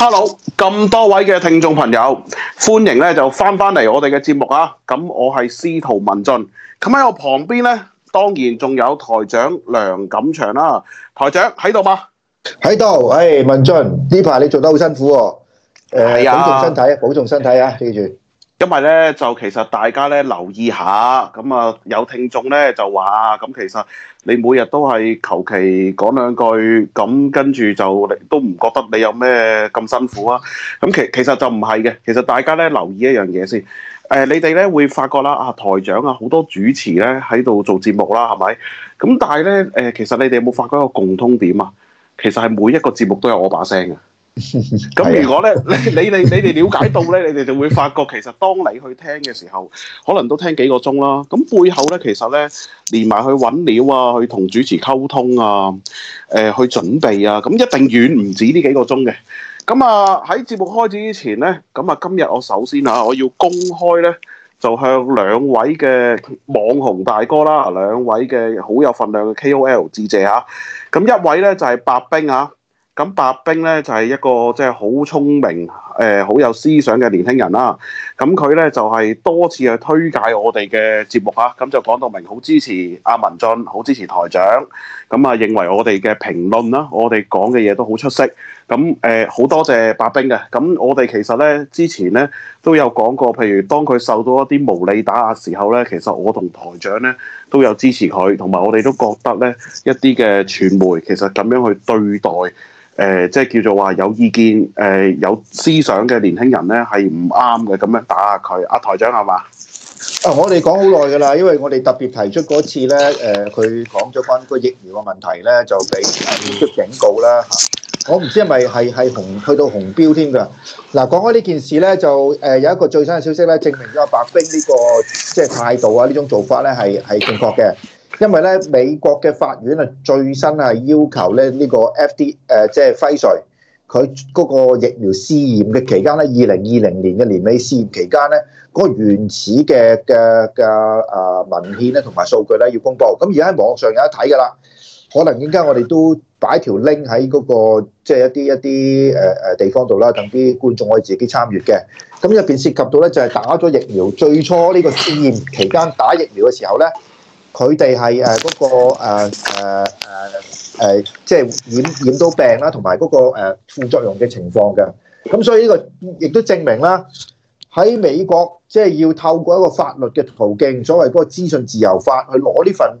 hello，咁多位嘅聽眾朋友，歡迎咧就翻翻嚟我哋嘅節目啊！咁我係司徒文進，咁喺我旁邊咧，當然仲有台長梁錦祥啦、啊。台長喺度嗎？喺度，誒、哎，文進呢排你做得好辛苦喎、哦。誒、呃，係、啊、保重身體，保重身體啊，記住。因為咧就其實大家咧留意下，咁啊有聽眾咧就話咁其實。你每日都係求其講兩句，咁跟住就都唔覺得你有咩咁辛苦啊。咁其其實就唔係嘅，其實大家呢留意一樣嘢先。誒、呃，你哋呢會發覺啦，啊台長啊，好多主持呢喺度做節目啦，係咪？咁但係呢，誒、呃、其實你哋有冇發覺一個共通點啊？其實係每一個節目都有我把聲嘅。咁 如果咧，你你你哋了解到咧，你哋就會發覺其實當你去聽嘅時候，可能都聽幾個鐘啦。咁背後咧，其實咧，連埋去揾料啊，去同主持溝通啊，誒、呃，去準備啊，咁一定遠唔止呢幾個鐘嘅。咁啊，喺節目開始之前咧，咁啊，今日我首先啊，我要公開咧，就向兩位嘅網紅大哥啦，兩位嘅好有份量嘅 K O L 致謝啊。咁一位咧就係、是、白冰啊。咁白冰咧就係、是、一個即係好聰明、誒、呃、好有思想嘅年輕人啦、啊。咁佢咧就係、是、多次去推介我哋嘅節目嚇、啊，咁、嗯、就講到明，好支持阿文進，好支持台長。咁、嗯、啊，認為我哋嘅評論啦，我哋講嘅嘢都好出色。咁誒好多謝白冰嘅、啊。咁、嗯、我哋其實咧之前咧都有講過，譬如當佢受到一啲無理打壓時候咧，其實我同台長咧都有支持佢，同埋我哋都覺得咧一啲嘅傳媒其實咁樣去對待。誒、呃，即係叫做話有意見、誒、呃、有思想嘅年輕人咧，係唔啱嘅，咁樣打下佢，阿、啊、台長係嘛、啊呃？啊，我哋講好耐㗎啦，因為我哋特別提出嗰次咧，誒佢講咗關於疫苗嘅問題咧，就俾出警告啦嚇。我唔知係咪係係紅去到紅標添㗎。嗱、啊，講開呢件事咧，就誒、呃、有一個最新嘅消息咧，證明咗白冰呢、呢個即係態度啊，呢種做法咧係係正確嘅。因為咧，美國嘅法院啊，最新啊要求咧呢個 FDA 誒即係輝瑞佢嗰個疫苗試驗嘅期間咧，二零二零年嘅年尾試驗期間咧，嗰個原始嘅嘅嘅啊，啊文獻咧同埋數據咧要公布。咁而家喺網上有得睇㗎啦，可能而家我哋都擺條 link 喺嗰個即係一啲一啲誒誒地方度啦，等啲觀眾可以自己參與嘅。咁入邊涉及到咧就係打咗疫苗，最初呢個試驗期間打疫苗嘅時候咧。佢哋係誒嗰個誒誒誒誒，即係染染到病啦，同埋嗰個誒副作用嘅情況嘅。咁所以呢個亦都證明啦，喺美國即係要透過一個法律嘅途徑，所謂嗰個資訊自由法去攞呢份。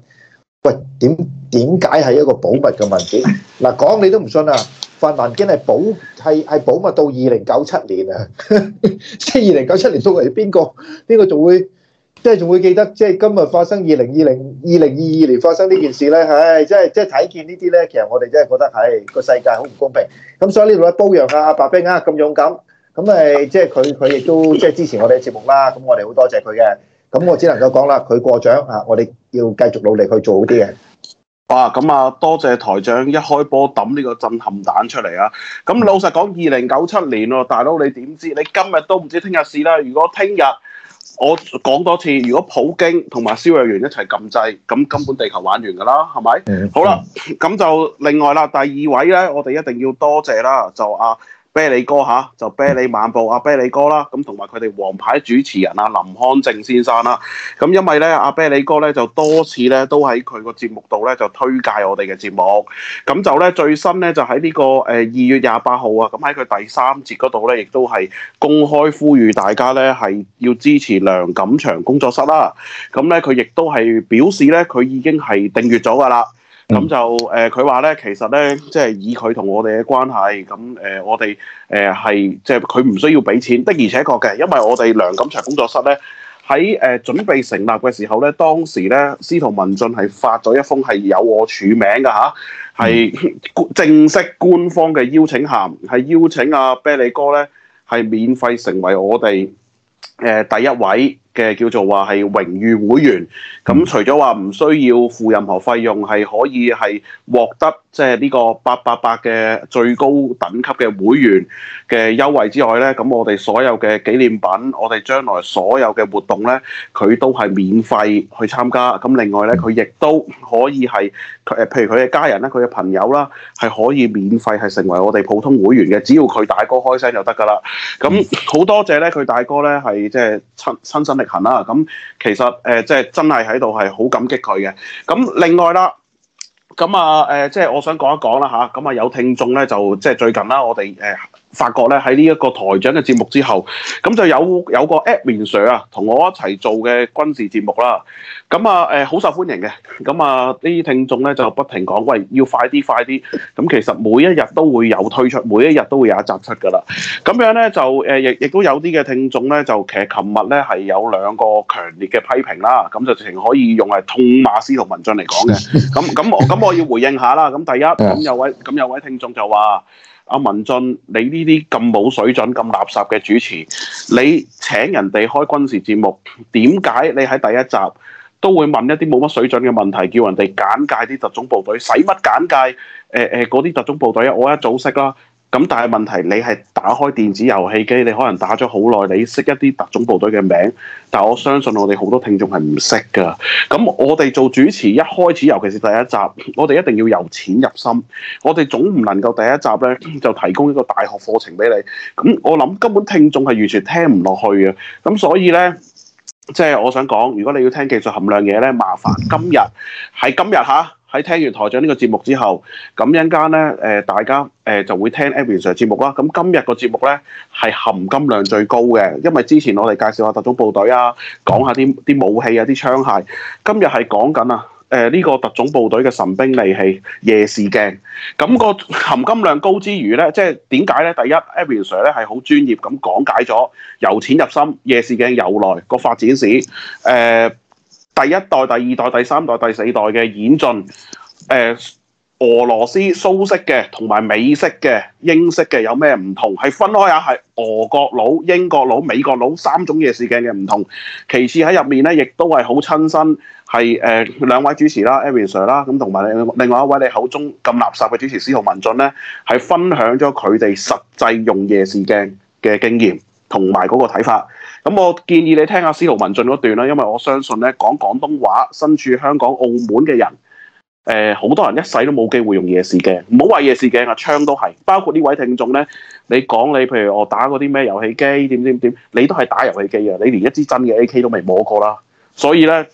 喂，點點解係一個保密嘅文件？嗱，講你都唔信啊！份文件係保係係保密到二零九七年啊！即係二零九七年都係邊個？邊個仲會？即係仲會記得，即係今日發生二零二零、二零二二年發生呢件事咧，唉、哎，即係即係睇見呢啲咧，其實我哋真係覺得，唉、哎，個世界好唔公平。咁所以呢度咧，褒揚下阿白冰啊，咁勇敢。咁誒，即係佢佢亦都即係支持我哋嘅節目啦。咁我哋好多謝佢嘅。咁我只能夠講啦，佢過獎啊！我哋要繼續努力去做好啲嘢。啊，咁啊，多謝台長一開波抌呢個震撼彈出嚟！啊，咁老實講，二零九七年喎，大佬你點知？你今日都唔知聽日事啦。如果聽日，我講多次，如果普京同埋蕭若元一齊撳掣，咁根本地球玩完㗎啦，係咪？嗯、好啦，咁就另外啦，第二位咧，我哋一定要多謝啦，就啊，啤梨哥嚇，就啤梨晚報阿、啊、啤梨哥啦，咁同埋佢哋王牌主持人啊林漢正先生啦，咁、啊、因為咧阿、啊、啤梨哥咧就多次咧都喺佢個節目度咧就推介我哋嘅節目，咁就咧最新咧就喺呢、這個誒呃、二月廿八號啊，咁喺佢第三節嗰度咧亦都係公開呼籲大家咧係要支持梁錦祥工作室啦，咁咧佢亦都係表示咧佢已經係訂閱咗噶啦。咁就誒，佢話咧，其實咧，即係以佢同我哋嘅關係，咁、呃、誒，我哋誒係即係佢唔需要俾錢，的而且確嘅，因為我哋梁錦祥工作室咧喺誒準備成立嘅時候咧，當時咧司徒文進係發咗一封係有我署名嘅吓，係正式官方嘅邀請函，係邀請阿、啊、啤利哥咧係免費成為我哋誒、呃、第一位，嘅叫做話，係榮譽會員。咁除咗話唔需要付任何費用，係可以係獲得即係呢個八八八嘅最高等級嘅會員嘅優惠之外咧，咁我哋所有嘅紀念品，我哋將來所有嘅活動咧，佢都係免費去參加。咁另外咧，佢亦都可以係誒，譬如佢嘅家人咧，佢嘅朋友啦，係可以免費，係成為我哋普通會員嘅，只要佢大哥開聲就得噶啦。咁好多謝咧，佢大哥咧係即係。是就是親親身力行啦，咁其實誒即係真係喺度係好感激佢嘅。咁另外啦，咁啊誒即係我想講一講啦吓，咁啊有聽眾咧就即係最近啦，我哋誒。發覺咧喺呢一個台長嘅節目之後，咁就有有個 admin sir 啊，同我一齊做嘅軍事節目啦。咁啊誒，好、呃、受歡迎嘅。咁啊呢啲聽眾咧就不停講，喂，要快啲快啲。咁其實每一日都會有推出，每一日都會有一集出噶啦。咁樣咧就誒，亦、呃、亦都有啲嘅聽眾咧，就其實琴日咧係有兩個強烈嘅批評啦。咁就直情可以用係痛罵司徒文進嚟講嘅。咁咁我咁我要回應下啦。咁第一，咁有位咁有位聽眾就話。阿文進，你呢啲咁冇水準、咁垃圾嘅主持，你請人哋開軍事節目，點解你喺第一集都會問一啲冇乜水準嘅問題，叫人哋簡介啲特種部隊，使乜簡介？誒、呃、誒，嗰、呃、啲特種部隊啊，我一早識啦。咁但係問題，你係打開電子遊戲機，你可能打咗好耐，你識一啲特種部隊嘅名，但我相信我哋好多聽眾係唔識噶。咁我哋做主持，一開始尤其是第一集，我哋一定要由淺入深。我哋總唔能夠第一集呢就提供一個大學課程俾你。咁我諗根本聽眾係完全聽唔落去嘅。咁所以呢，即係我想講，如果你要聽技術含量嘢呢，麻煩今日喺今日吓。喺聽完台長呢個節目之後，咁一陣間咧，誒大家誒就會聽 Abby Sir 節目啦。咁今日個節目咧係含金量最高嘅，因為之前我哋介紹下特種部隊啊，講下啲啲武器啊、啲槍械。今日係講緊啊，誒呢個特種部隊嘅神兵利器夜視鏡。咁個含金量高之餘咧，即係點解咧？第一，Abby Sir 咧係好專業咁講解咗由淺入深夜視鏡由來個發展史，誒、呃。第一代、第二代、第三代、第四代嘅演進，誒、呃，俄羅斯蘇式嘅，同埋美式嘅、英式嘅，有咩唔同？係分開啊，係俄國佬、英國佬、美國佬三種夜視鏡嘅唔同。其次喺入面咧，亦都係好親身，係誒、呃、兩位主持啦 Aaron Sir 啦，咁同埋另外一位你口中咁垃圾嘅主持司徒文進咧，係分享咗佢哋實際用夜視鏡嘅經驗同埋嗰個睇法。咁我建議你聽下司徒文進嗰段啦，因為我相信咧講廣東話、身處香港、澳門嘅人，誒、呃、好多人一世都冇機會用夜視鏡。唔好話夜視鏡啊，槍都係。包括呢位聽眾咧，你講你譬如我打嗰啲咩遊戲機點點點，你都係打遊戲機啊，你連一支真嘅 AK 都未摸過啦，所以咧。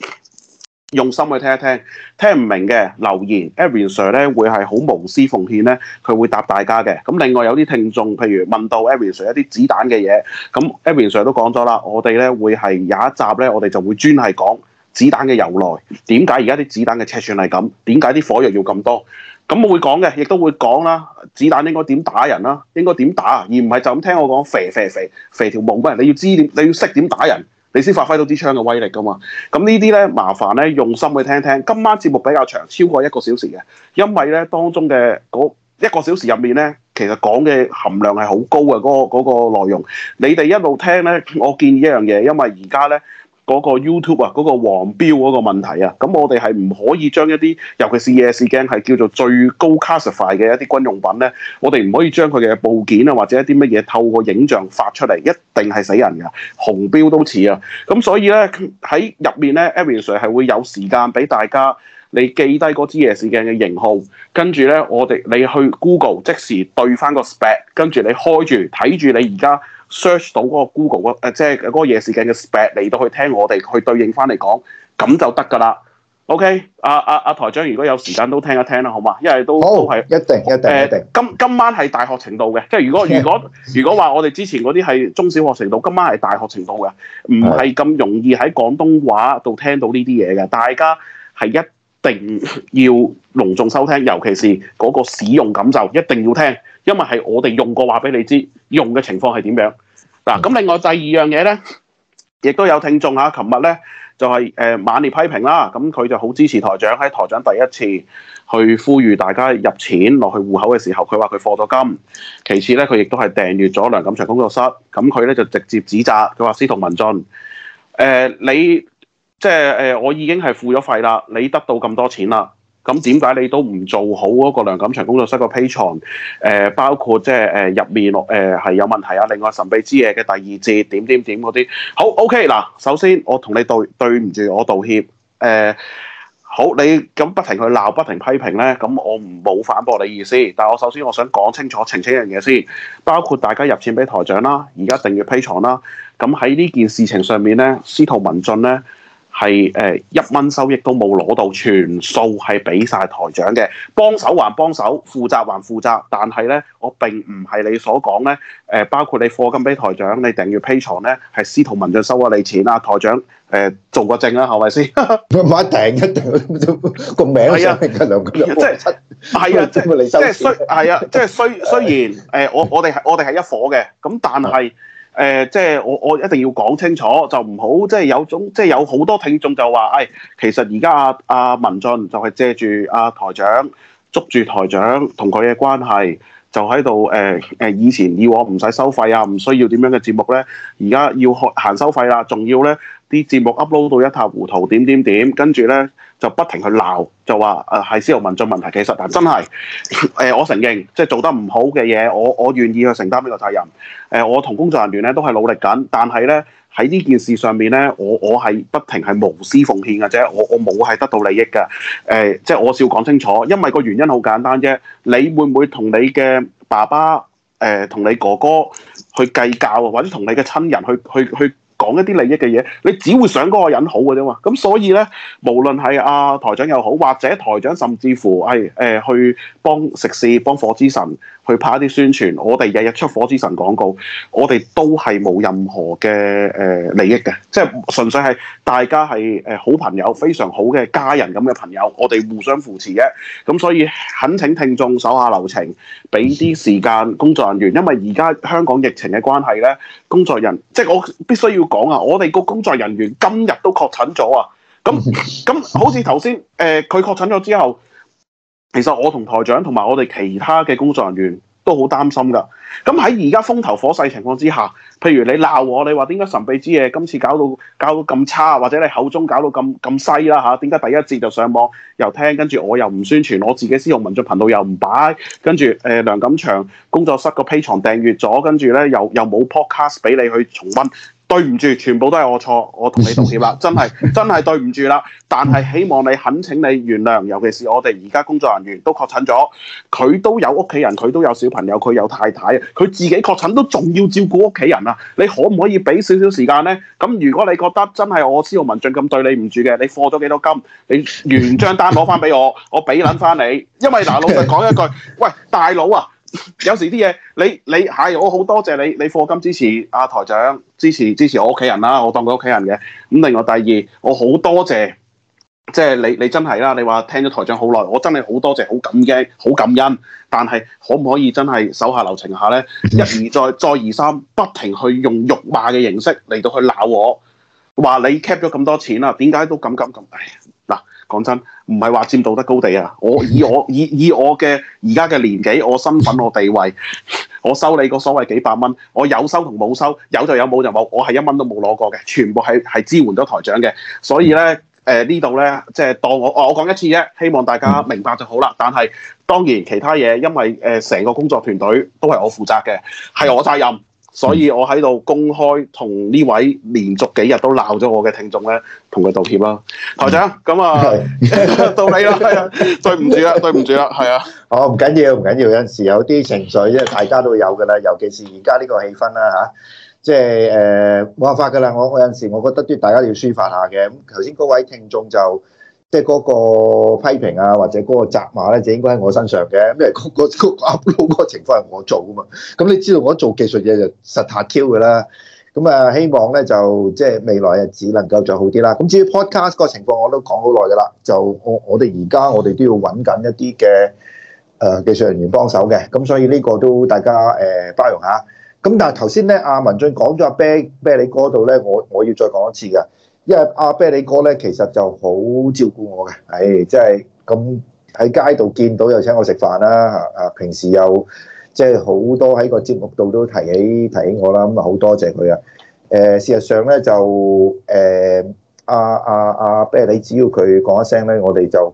用心去聽一聽，聽唔明嘅留言，Aaron Sir 咧會係好無私奉獻咧，佢會答大家嘅。咁另外有啲聽眾，譬如問到 Aaron Sir 一啲子彈嘅嘢，咁 Aaron Sir 都講咗啦，我哋咧會係有一集咧，我哋就會專係講子彈嘅由來，點解而家啲子彈嘅尺寸係咁，點解啲火藥要咁多，咁我會講嘅，亦都會講啦。子彈應該點打人啦，應該點打，而唔係就咁聽我講，肥肥肥肥條毛嘅人，你要知點，你要識點打人。你先發揮到支槍嘅威力㗎嘛，咁呢啲咧，麻煩咧，用心去聽聽。今晚節目比較長，超過一個小時嘅，因為咧當中嘅一個小時入面咧，其實講嘅含量係好高嘅，嗰個嗰個內容。你哋一路聽咧，我建議一樣嘢，因為而家咧。嗰個 YouTube 啊，嗰個黃標嗰個問題啊，咁我哋係唔可以將一啲，尤其是夜視鏡係叫做最高 classify 嘅一啲軍用品咧，我哋唔可以將佢嘅部件啊，或者一啲乜嘢透過影像發出嚟，一定係死人㗎，紅標都似啊，咁所以咧喺入面咧 Evan Sir 係會有時間俾大家，你記低嗰支夜視鏡嘅型號，跟住咧我哋你去 Google 即時對返個 spec，跟住你開住睇住你而家。search 到嗰個 Google 個、呃、即係嗰個夜視鏡嘅 spec 嚟到去聽我哋去對應翻嚟講，咁就得㗎啦。OK，阿阿阿台長，如果有時間都聽一聽啦，好嘛？因為都好都係一定一定一定。一定呃、今今晚係大學程度嘅，即係如果如果如果話我哋之前嗰啲係中小學程度，今晚係大學程度嘅，唔係咁容易喺廣東話度聽到呢啲嘢嘅。大家係一定要隆重收聽，尤其是嗰個使用感受一定要聽，因為係我哋用過話俾你知，用嘅情況係點樣。嗱，咁另外第二樣嘢咧，亦都有聽眾嚇，琴日咧就係、是、誒、呃、猛烈批評啦，咁佢就好支持台長，喺台長第一次去呼籲大家入錢落去戶口嘅時候，佢話佢課咗金，其次咧佢亦都係訂閱咗梁錦祥工作室，咁佢咧就直接指責佢話司徒文進，誒、呃、你即係誒、呃、我已經係付咗費啦，你得到咁多錢啦。咁點解你都唔做好嗰個梁錦祥工作室個 Patreon 包括即係誒入面落誒係有問題啊！另外神秘之夜嘅第二節點點點嗰啲，好 OK 嗱。首先我同你道對唔住，我道歉。誒、呃，好，你咁不停去鬧，不停批評咧，咁我唔冇反駁你意思。但係我首先我想講清楚澄清一樣嘢先，包括大家入錢俾台長啦，而家訂閱 Patreon 啦。咁喺呢件事情上面咧，司徒文進咧。係誒一蚊收益都冇攞到，全數係俾晒台長嘅，幫手還幫手，負責還負責。但係咧，我並唔係你所講咧誒，包括你貨金俾台長，你訂閱 Patreon 咧係司徒文進收咗你錢啊，台長誒做個證啦，係咪先？唔好訂一定個名係啊，即係七，啊，即係即係啊，即係需雖然誒，我我哋係我哋係一伙嘅，咁但係。誒、呃，即係我我一定要講清楚，就唔好即係有種，即係有好多聽眾就話，誒、哎，其實而家阿阿文進就係借住阿、啊、台長捉住台長同佢嘅關係，就喺度誒誒，以前以往唔使收費啊，唔需要點樣嘅節目咧，而家要開行收費啦，仲要咧啲節目 upload 到一塌糊塗，點點點，跟住咧。就不停去鬧，就話誒係司徒文進問題。其實但真係，誒、呃，我承認，即、就、係、是、做得唔好嘅嘢，我我願意去承擔呢個責任。誒、呃，我同工作人員咧都係努力緊，但係咧喺呢件事上面咧，我我係不停係無私奉獻嘅啫。我我冇係得到利益嘅。誒、呃，即、就、係、是、我少講清楚，因為個原因好簡單啫。你會唔會同你嘅爸爸誒同、呃、你哥哥去計較，或者同你嘅親人去去去？去講一啲利益嘅嘢，你只會想嗰個人好嘅啫嘛。咁所以咧，無論係阿台長又好，或者台長，甚至乎係誒、呃、去幫食肆、幫火之神。去拍一啲宣傳，我哋日日出火之神廣告，我哋都係冇任何嘅誒利益嘅，即係純粹係大家係誒好朋友，非常好嘅家人咁嘅朋友，我哋互相扶持嘅，咁所以懇請聽眾手下留情，俾啲時間工作人員，因為而家香港疫情嘅關係咧，工作人即係我必須要講啊，我哋個工作人員今日都確診咗啊，咁咁好似頭先誒佢確診咗之後。其實我同台長同埋我哋其他嘅工作人員都好擔心㗎。咁喺而家風頭火勢情況之下，譬如你鬧我，你話點解神秘之夜今次搞到搞到咁差，或者你口中搞到咁咁西啦嚇？點、啊、解第一節就上網又聽，跟住我又唔宣傳，我自己司徒文進頻道又唔擺，跟住誒梁錦祥工作室個 Patreon 訂閲咗，跟住咧又又冇 podcast 俾你去重温。對唔住，全部都係我錯，我同你道歉啦，真係真係對唔住啦。但係希望你懇請你原諒，尤其是我哋而家工作人員都確診咗，佢都有屋企人，佢都有小朋友，佢有太太啊，佢自己確診都仲要照顧屋企人啊。你可唔可以俾少少時間呢？咁如果你覺得真係我司徒文進咁對你唔住嘅，你貨咗幾多金？你原張單攞翻俾我， 我俾捻翻你。因為嗱，老實講一句，喂，大佬啊！ 有時啲嘢，你你係，哎、我好多謝你，你課金支持阿，啊，台長，支持支持我屋企人啦，我當佢屋企人嘅。咁另外第二，我好多謝，即、就、係、是，你你真係啦，你話聽咗台長好耐，我真係好多謝，好感驚，好感恩。但係可唔可以真係手下留情下咧？一而再，再而三，不停去用辱罵嘅形式嚟到去鬧我，話你 cap 咗咁多錢啦，點解都咁咁咁唉嗱？講真，唔係話占道德高地啊！我以我以以我嘅而家嘅年紀，我身份，我地位，我收你個所謂幾百蚊，我有收同冇收，有就有，冇就冇，我係一蚊都冇攞過嘅，全部係係支援咗台長嘅。所以咧，誒呢度咧，即係當我我講一次啫，希望大家明白就好啦。但係當然其他嘢，因為誒成個工作團隊都係我負責嘅，係我責任。所以我喺度公開同呢位連續幾日都鬧咗我嘅聽眾咧，同佢道歉啦、啊，台長。咁啊， 到你啦，係啊，對唔住啦，對唔住啦，哦、係啊。好，唔緊要，唔緊要。有陣時有啲情緒，即係大家都有㗎啦，尤其是而家呢個氣氛啦嚇，即係誒冇辦法㗎啦。我我有陣時，我覺得啲大家要抒發下嘅。咁頭先嗰位聽眾就。即係嗰個批評啊，或者嗰個責罵咧，就應該喺我身上嘅，因為嗰、嗰個、嗰個、upload 情況係我做啊嘛。咁、嗯、你知道我做技術嘢就實下 Q 㗎啦。咁、嗯、啊，希望咧就即係未來日子能夠再好啲啦。咁至於 podcast 個情況，我都講好耐㗎啦。就我我哋而家我哋都要揾緊一啲嘅誒技術人員幫手嘅。咁、嗯、所以呢個都大家誒、呃、包容下。咁、嗯、但係頭先咧，文阿文進講咗阿啤啤，寶寶你 b 度咧，我我要再講一次㗎。因為阿啤利哥咧，其實就好照顧我嘅，誒、哎，即係咁喺街度見到又請我食飯啦，啊，平時又即係好多喺個節目度都提起提起我啦，咁啊好多謝佢啊，誒、呃，事實上咧就誒阿阿阿啤利只要佢講一聲咧，我哋就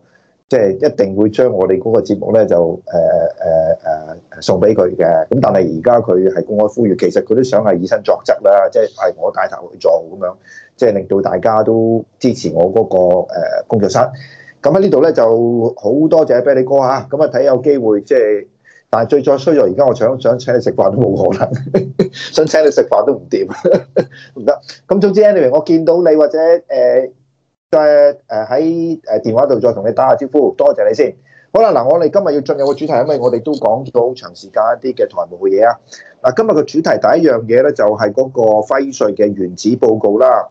即係、就是、一定會將我哋嗰個節目咧就誒誒誒送俾佢嘅，咁但係而家佢係公開呼籲，其實佢都想係以身作則啦，即係係我帶頭去做咁樣。即係令到大家都支持我嗰個工作室，咁喺呢度咧就好多謝啤梨哥啊！咁啊睇有機會即係、就是，但係最最衰就而家我想想請你食飯都冇可能，想請你食飯都唔掂，唔 得。咁 總之，Anyway，我見到你或者誒再喺誒電話度再同你打下招呼，多謝你先。好啦，嗱，我哋今日要進入個主題，因為我哋都講到好長時間一啲嘅財務嘅嘢啊。嗱，今日嘅主題第一樣嘢咧，就係、是、嗰個輝瑞嘅原始報告啦。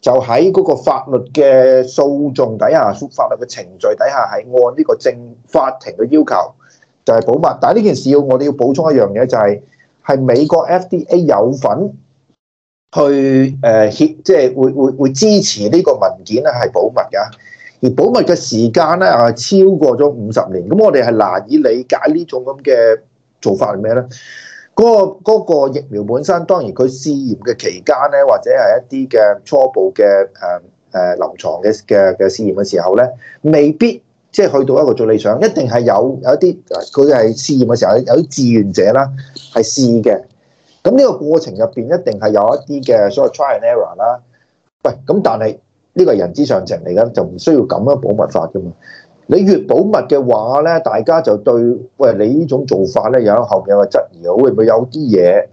就喺嗰個法律嘅訴訟底下，法律嘅程序底下，係按呢個政法庭嘅要求就係、是、保密。但係呢件事要我哋要補充一樣嘢、就是，就係係美國 FDA 有份去誒協，即、呃、係、就是、會會會支持呢個文件咧係保密㗎，而保密嘅時間咧係超過咗五十年。咁我哋係難以理解呢種咁嘅做法係咩咧？嗰個疫苗本身，當然佢試驗嘅期間咧，或者係一啲嘅初步嘅誒誒臨床嘅嘅嘅試驗嘅時候咧，未必即係去到一個最理想，一定係有有一啲佢係試驗嘅時候有啲志願者啦，係試嘅。咁呢個過程入邊一定係有一啲嘅所謂 try and error 啦。喂，咁但係呢個係人之常情嚟嘅，就唔需要咁樣保密法㗎嘛。你越保密嘅話咧，大家就對，喂，你呢種做法咧，有後面嘅個質疑，好，會唔會有啲嘢，誒、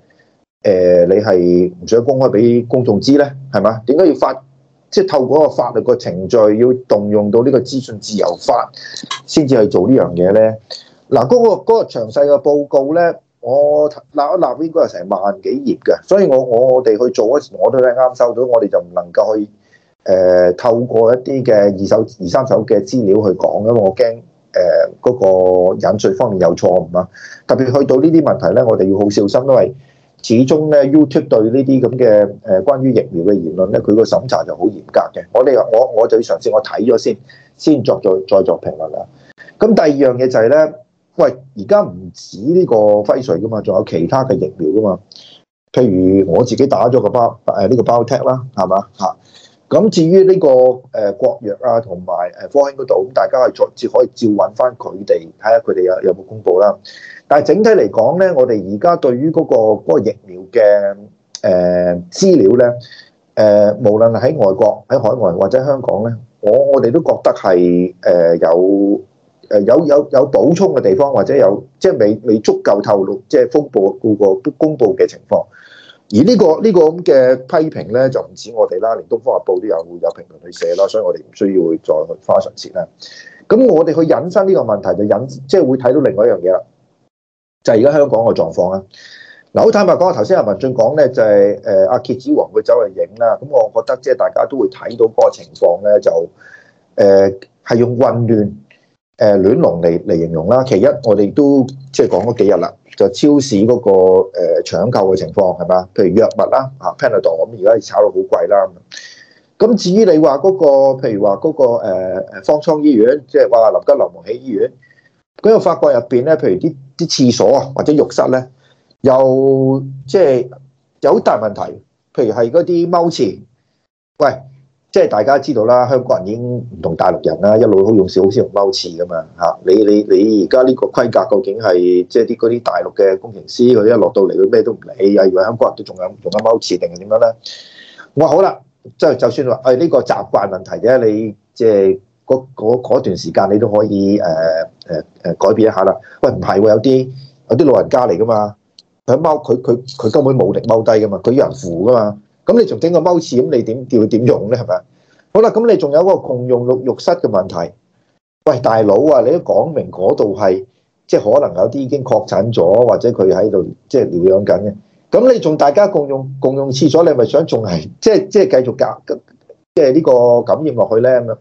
呃，你係唔想公開俾公眾知咧，係嘛？點解要法，即、就、係、是、透過一個法律個程序，要動用到呢個資訊自由法，先至去做呢樣嘢咧？嗱、那個，嗰個嗰個詳細嘅報告咧，我一嗱應該係成萬幾頁嘅，所以我我哋去做嗰時，我都係啱收到，我哋就唔能夠去。誒，透過一啲嘅二手、二三手嘅資料去講，因為我驚誒嗰個引述方面有錯誤啊。特別去到呢啲問題咧，我哋要好小心，因為始終咧，YouTube 對呢啲咁嘅誒關於疫苗嘅言論咧，佢個審查就好嚴格嘅。我哋我我就要嘗試，我睇咗先，先作再再作評論啦。咁第二樣嘢就係、是、咧，喂，而家唔止呢個輝瑞噶嘛，仲有其他嘅疫苗噶嘛？譬如我自己打咗個包誒，呢個包特啦，係嘛吓？咁至於呢個誒國藥啦，同埋誒科興嗰度，咁大家係再只可以照揾翻佢哋，睇下佢哋有有冇公布啦。但係整體嚟講咧，我哋而家對於嗰個嗰個疫苗嘅誒資料咧，誒無論喺外國、喺海外或者香港咧，我我哋都覺得係誒有誒有有有補充嘅地方，或者有即係未未足夠透露，即係風暴嗰個公佈嘅情況。而呢個呢個咁嘅批評咧，就唔止我哋啦，連《東方日報》都有會有評論去寫啦，所以我哋唔需要去再去花唇舌啦。咁我哋去引申呢個問題，就引即係、就是、會睇到另外一樣嘢啦，就係而家香港嘅狀況啊。嗱，好坦白講，頭先阿文進講咧，就係誒阿蠍子王佢走去影啦。咁我覺得即係大家都會睇到嗰個情況咧，就誒係、呃、用混亂。誒亂龍嚟嚟形容啦，其一我哋都即係講咗幾日啦，就超市嗰個誒搶購嘅情況係嘛？譬如藥物啦，啊 Panadol 咁而家係炒到好貴啦。咁至於你話嗰個，譬如話嗰個誒方艙醫院，即係話臨急臨忙起醫院，嗰個發覺入邊咧，譬如啲啲廁所啊或者浴室咧，又即係有大問題，譬如係嗰啲踎廁喂。即係大家知道啦，香港人已經唔同大陸人啦，一路勇士好用少好少用踎廁噶嘛嚇。你你你而家呢個規格究竟係即係啲嗰啲大陸嘅工程師嗰啲一落到嚟，佢咩都唔理啊？以為香港人都仲有仲有踎廁定係點樣咧？我話好啦，即係就算話誒呢個習慣問題啫，你即係嗰段時間你都可以誒誒誒改變一下啦。喂，唔係喎，有啲有啲老人家嚟噶嘛，佢踎佢佢佢根本冇力踎低噶嘛，佢要人扶噶嘛。咁你仲整個踎廁咁，你點叫點用咧？係咪？好啦，咁你仲有個共用浴浴室嘅問題。喂，大佬啊，你都講明嗰度係即係可能有啲已經確診咗，或者佢喺度即係療養緊嘅。咁你仲大家共用共用廁所，你係咪想仲係即係即係繼續隔即係呢個感染落去咧？咁啊，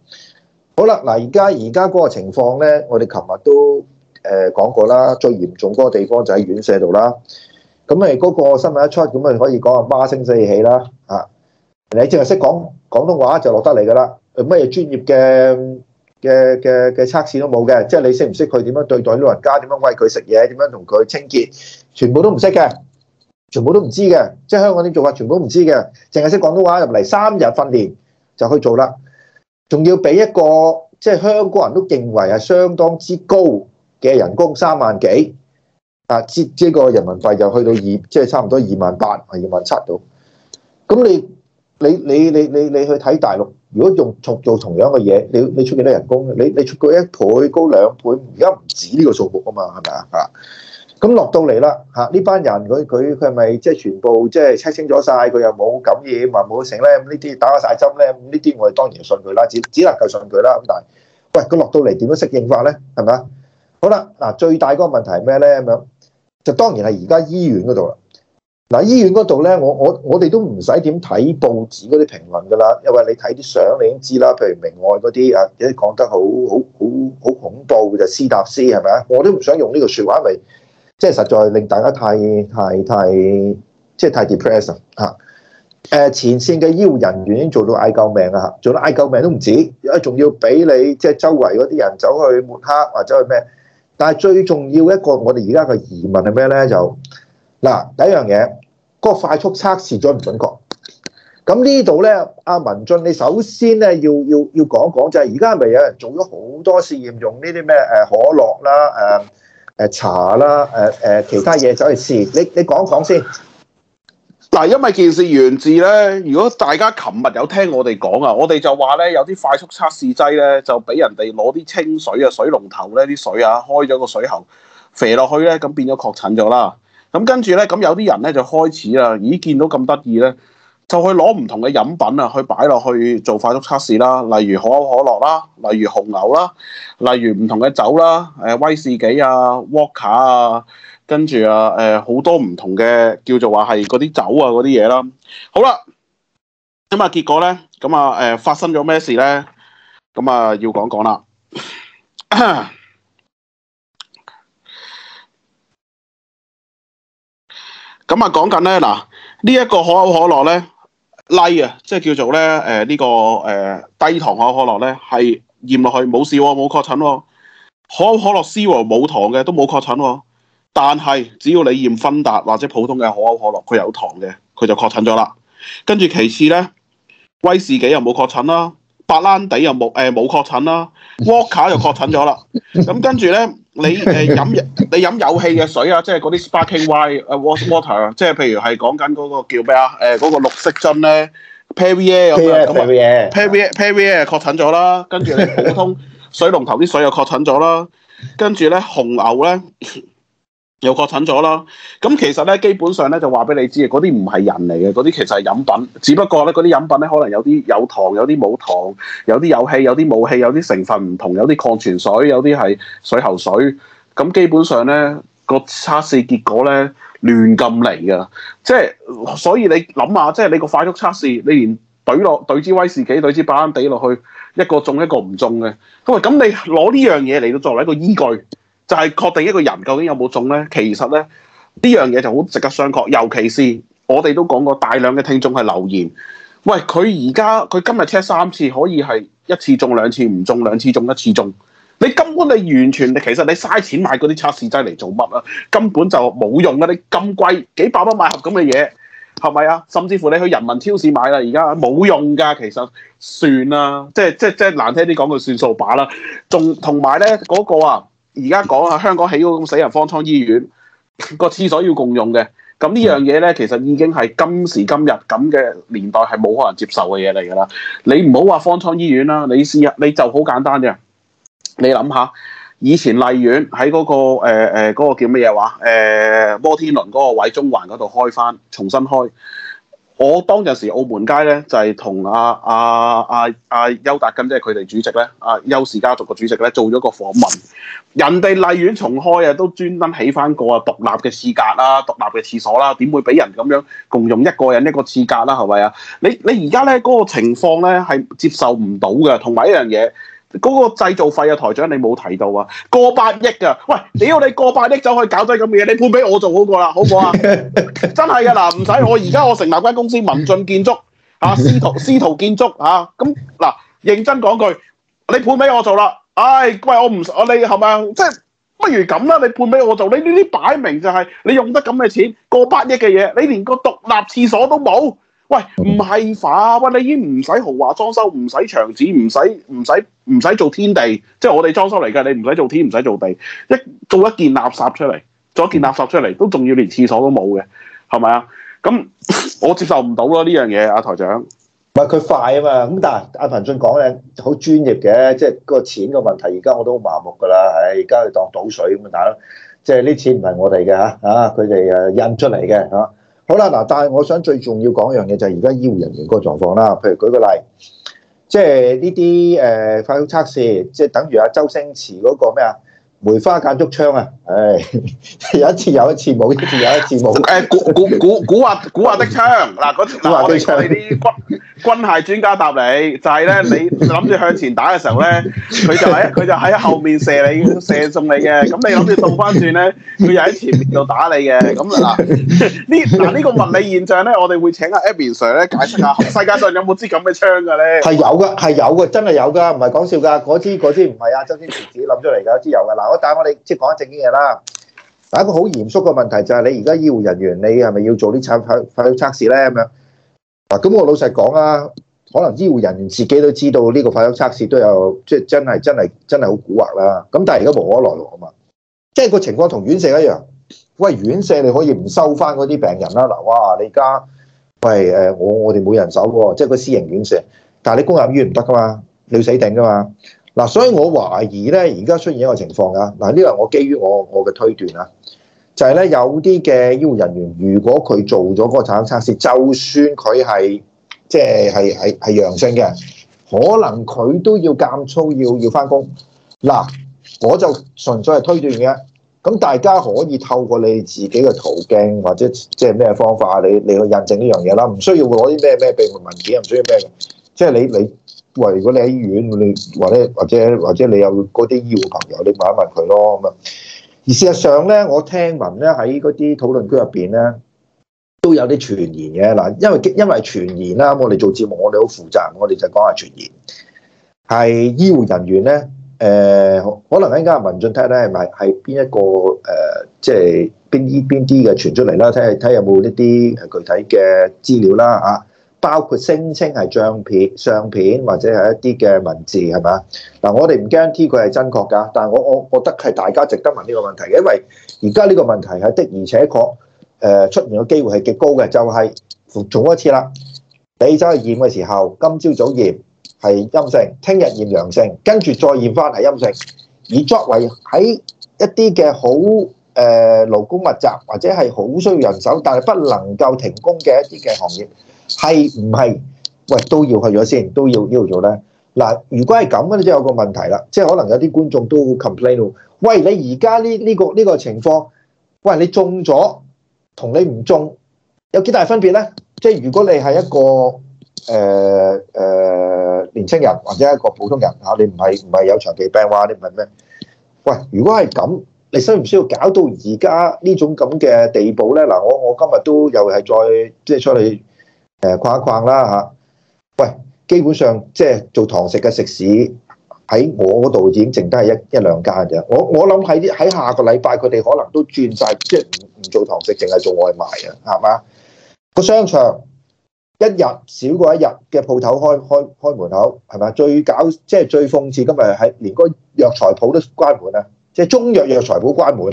好啦，嗱而家而家嗰個情況咧，我哋琴日都誒講過啦，最嚴重嗰個地方就喺院舍度啦。咁係嗰個新聞一出，咁啊可以講下罵聲四起啦！啊，你淨係識講廣東話就落得嚟㗎啦。乜嘢專業嘅嘅嘅嘅測試都冇嘅，即係你識唔識佢點樣對待老人家，點樣餵佢食嘢，點樣同佢清潔，全部都唔識嘅，全部都唔知嘅。即係香港啲做法，全部都唔知嘅，淨係識廣東話入嚟，三日訓練就去做啦，仲要俾一個即係香港人都認為係相當之高嘅人工三萬幾。啊，即即個人民幣就去到二，即係差唔多二萬八啊，二萬七度。咁你你你你你你去睇大陸，如果用同做同樣嘅嘢，你你出幾多人工咧？你你出高一倍，高兩倍，而家唔止呢個數目啊嘛，係咪啊？吓，咁落到嚟啦，吓呢班人佢佢佢係咪即係全部即係 check 清咗晒？佢又冇感染，話冇成咧？咁呢啲打晒針咧？咁呢啲我哋當然信佢啦，只只能夠信佢啦。咁但係喂，佢落到嚟點樣適應法咧？係咪啊？好啦，嗱，最大嗰個問題係咩咧？咁樣。就當然係而家醫院嗰度啦。嗱，醫院嗰度咧，我我我哋都唔使點睇報紙嗰啲評論噶啦，因為你睇啲相，你已經知啦。譬如明愛嗰啲啊，啲講得好好好好恐怖嘅，就斯達斯係咪啊？我都唔想用呢個説話嚟，即係實在令大家太太太即係太 depression 嚇。誒、啊，前線嘅醫護人員已經做到嗌救命啊，做到嗌救命都唔止，仲要俾你即係周圍嗰啲人走去抹黑或者去咩？但係最重要一個，我哋而家嘅疑問係咩咧？就嗱，第一樣嘢，嗰、那個快速測試準唔準確？咁呢度咧，阿文進，你首先咧要要要講一講，就係而家係咪有人做咗好多試驗，用呢啲咩誒可樂啦、誒、啊、誒、啊、茶啦、誒、啊、誒、啊、其他嘢走去試？你你講一講先。嗱，因為件事源自咧，如果大家琴日有聽我哋講啊，我哋就話咧有啲快速測試劑咧，就俾人哋攞啲清水啊，水龍頭咧啲水啊，開咗個水喉，肥落去咧，咁變咗確診咗啦。咁跟住咧，咁有啲人咧就開始啊，咦見到咁得意咧，就去攞唔同嘅飲品啊，去擺落去做快速測試啦，例如可口可樂啦，例如紅牛啦，例如唔同嘅酒啦，誒威士忌啊、vodka 啊。跟住、呃、啊，誒好多唔同嘅叫做話係嗰啲酒啊嗰啲嘢啦。好啦，咁、嗯、啊結果咧，咁啊誒發生咗咩事咧？咁、嗯、啊要講講啦。咁啊、嗯、講緊咧嗱，呢一、這個可口可樂咧拉啊，即係叫做咧誒呢個誒、呃、低糖可口可樂咧，係驗落去冇事喎、哦，冇確診喎。可口可樂 zero 冇糖嘅都冇確診喎。但係，只要你飲芬達或者普通嘅可口可樂，佢有糖嘅，佢就確診咗啦。跟住其次咧，威士忌又冇確診啦，白蘭地又冇，誒冇確診啦，Vodka 又確診咗啦。咁跟住咧，你誒飲你飲有氣嘅水啊，即係嗰啲 sparkling water 即係譬如係講緊嗰個叫咩啊？誒嗰個綠色樽咧，Perrier 咁樣 Perrier，Perrier 確診咗啦。跟住咧，普通水龍頭啲水又確診咗啦。跟住咧，紅牛咧，又確診咗啦，咁其實咧，基本上咧就話俾你知啊，嗰啲唔係人嚟嘅，嗰啲其實係飲品，只不過咧嗰啲飲品咧可能有啲有糖，有啲冇糖，有啲有氣，有啲冇氣，有啲成分唔同，有啲礦泉水，有啲係水喉水，咁基本上咧個測試結果咧亂咁嚟噶。即係所以你諗下，即係你個快速測試，你連懟落懟支威士忌，懟支白蘭地落去，一個中一個唔中嘅，咁啊咁你攞呢樣嘢嚟到作為一個依據？就係確定一個人究竟有冇中咧？其實咧呢樣嘢就好值得商榷，尤其是我哋都講過大量嘅聽眾係留言，喂，佢而家佢今日 check 三次，可以係一次中兩次唔中，兩次中一次中，你根本你完全其實你嘥錢買嗰啲測試劑嚟做乜啊？根本就冇用噶啊，你咁貴幾百蚊買盒咁嘅嘢係咪啊？甚至乎你去人民超市買啦，而家冇用噶，其實算啦，即係即係即係難聽啲講句算數把啦。仲同埋咧嗰個啊～而家講下香港起嗰種死人方艙醫院，個廁所要共用嘅，咁呢樣嘢咧，其實已經係今時今日咁嘅年代係冇可能接受嘅嘢嚟㗎啦。你唔好話方艙醫院啦，你試下，你就好簡單嘅。你諗下，以前荔園喺嗰個誒誒、呃嗰個、叫乜嘢話誒摩天輪嗰個位，中環嗰度開返，重新開。我當陣時，澳門街咧就係同阿阿阿阿邱達根，即係佢哋主席咧，阿、啊、邱氏家族嘅主席咧做咗個訪問。人哋荔園重開啊，都專登起翻個獨立嘅廁格啦，獨立嘅廁所啦、啊，點會俾人咁樣共用一個人一個廁格啦？係咪啊？你你而家咧嗰個情況咧係接受唔到嘅，同埋一樣嘢。嗰個製造費啊，台長你冇提到啊，過百億噶，喂，屌要你過百億就可以搞啲咁嘅嘢，你判俾我做好過啦，好唔好啊？ 真係嘅嗱，唔使我而家我成立間公司民進建築啊，司徒司徒建築啊，咁嗱，認真講句，你判俾我做啦，唉、哎，喂，我唔我你係咪即係不如咁啦，你判俾我做，你呢啲擺明就係你用得咁嘅錢，過百億嘅嘢，你連個獨立廁所都冇。喂，唔係化喂，你已經唔使豪華裝修，唔使牆紙，唔使唔使唔使做天地，即係我哋裝修嚟嘅，你唔使做天，唔使做地，一做一件垃圾出嚟，做一件垃圾出嚟，都仲要連廁所都冇嘅，係咪啊？咁我接受唔到咯呢樣嘢，阿台長，唔係佢快啊嘛，咁但係阿彭進講咧好專業嘅，即係個錢嘅問題，而家我都好麻木㗎啦，唉，而家佢當倒水咁但咯，即係呢錢唔係我哋嘅嚇，啊，佢哋誒印出嚟嘅嚇。啊好啦，但係我想最重要講一樣嘢就係而家醫護人員嗰個狀況啦。譬如舉個例，即係呢啲誒快速測試，即係等於阿、啊、周星馳嗰個咩啊？梅花間竹槍啊！唉、哎，有一次有一次冇，一次有一次冇。誒，古古古古惑古惑的槍嗱，嗰古惑的槍，我啲軍軍械專家答你，就係咧，你諗住向前打嘅時候咧，佢就係佢就喺後面射你射中你嘅，咁你諗住倒翻轉咧，佢又喺前面度打你嘅，咁嗱呢嗱呢個物理現象咧、啊，我哋會請阿 Abby Sir 咧解釋下。世界上有冇支咁嘅槍嘅咧？係、啊、有嘅，係有嘅，真係有㗎，唔係講笑㗎。嗰支嗰支唔係阿周星馳自己諗出嚟㗎，支有嘅。我但我哋即係講正經嘢啦，第一個好嚴肅嘅問題就係你而家醫護人員，你係咪要做啲測快快速測試咧？咁樣嗱，咁我老實講啦，可能醫護人員自己都知道呢個快速測試都有即係真係真係真係好蠱惑啦。咁但係而家無可奈何啊嘛，即係個情況同院舍一樣。喂，院舍你可以唔收翻嗰啲病人啦。嗱，哇，你而家喂誒，我我哋冇人手喎，即係個私營院舍，但係你公立醫院唔得噶嘛，你要死頂噶嘛。嗱，所以我懷疑咧，而家出現一個情況㗎。嗱，呢個係我基於我我嘅推斷啊，就係、是、咧有啲嘅醫護人員，如果佢做咗嗰個產檢測試，就算佢係即係係係陽性嘅，可能佢都要監粗，要要翻工。嗱，我就純粹係推斷嘅，咁大家可以透過你自己嘅途徑或者即係咩方法，你你去印證呢樣嘢啦，唔需要攞啲咩咩病患文件，唔需要咩嘅，即係你你。你喂，如果你喺醫院，你或者或者或者你有嗰啲醫護朋友，你問一問佢咯咁啊。而事實上咧，我聽聞咧喺嗰啲討論區入邊咧都有啲傳言嘅嗱，因為因為傳言啦，我哋做節目，我哋好負責，我哋就講下傳言係醫護人員咧，誒、呃、可能依家文進睇睇係咪係邊一個誒、呃，即係邊啲邊啲嘅傳出嚟啦？睇睇有冇一啲具體嘅資料啦，嚇、啊。包括聲稱係相片、相片或者係一啲嘅文字，係嘛？嗱，我哋唔驚知佢係真確㗎，但係我我覺得係大家值得問呢個問題，因為而家呢個問題係的而且確誒出現嘅機會係極高嘅，就係、是、重一次啦。你走去驗嘅時候，今朝早驗係陰性，聽日驗陽性，跟住再驗翻係陰性，而作為喺一啲嘅好誒勞工密集或者係好需要人手，但係不能夠停工嘅一啲嘅行業。係唔係？喂，都要去咗先，都要要做咧。嗱，如果係咁咧，即係有個問題啦，即係可能有啲觀眾都 complain 喂，你而家呢呢個呢、呢個情況，喂，你中咗同你唔中有幾大分別咧？即係如果你係一個誒誒、呃呃、年青人或者一個普通人嚇、啊，你唔係唔係有長期病患，你唔係咩？喂，如果係咁，你需唔需要搞到而家呢種咁嘅地步咧？嗱，我我今日都又係再即係出去。」誒，逛一逛啦吓，喂，基本上即係、就是、做堂食嘅食肆喺我嗰度已經剩得係一一兩間嘅，我我諗喺喺下個禮拜佢哋可能都轉晒，即係唔唔做堂食，淨係做外賣啊，係嘛？個商場一日少過一日嘅鋪頭開開開門口，係咪？最搞即係、就是、最諷刺今，今日係連個藥材鋪都關門啦。即中藥藥材舖關門，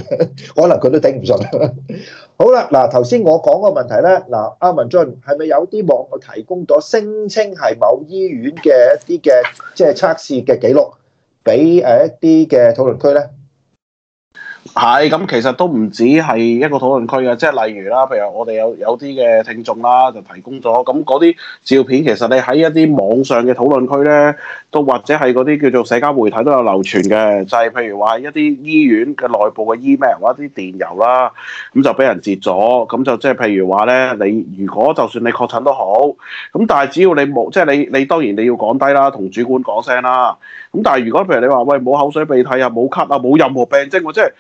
可能佢都頂唔順。 好啦，嗱頭先我講個問題咧，嗱阿文進係咪有啲網友提供咗聲稱係某醫院嘅一啲嘅即係測試嘅記錄，俾誒一啲嘅討論區咧？係，咁、嗯、其實都唔止係一個討論區嘅，即係例如啦，譬如我哋有有啲嘅聽眾啦，就提供咗咁嗰啲照片，其實你喺一啲網上嘅討論區咧，都或者係嗰啲叫做社交媒體都有流傳嘅，就係、是、譬如話一啲醫院嘅內部嘅 email 或者一啲電郵啦，咁就俾人截咗，咁就即係譬如話咧，你如果就算你確診都好，咁但係只要你冇，即係你你當然你要講低啦，同主管講聲啦，咁但係如果譬如你話喂冇口水鼻涕啊，冇咳啊，冇任何病徵喎，即係。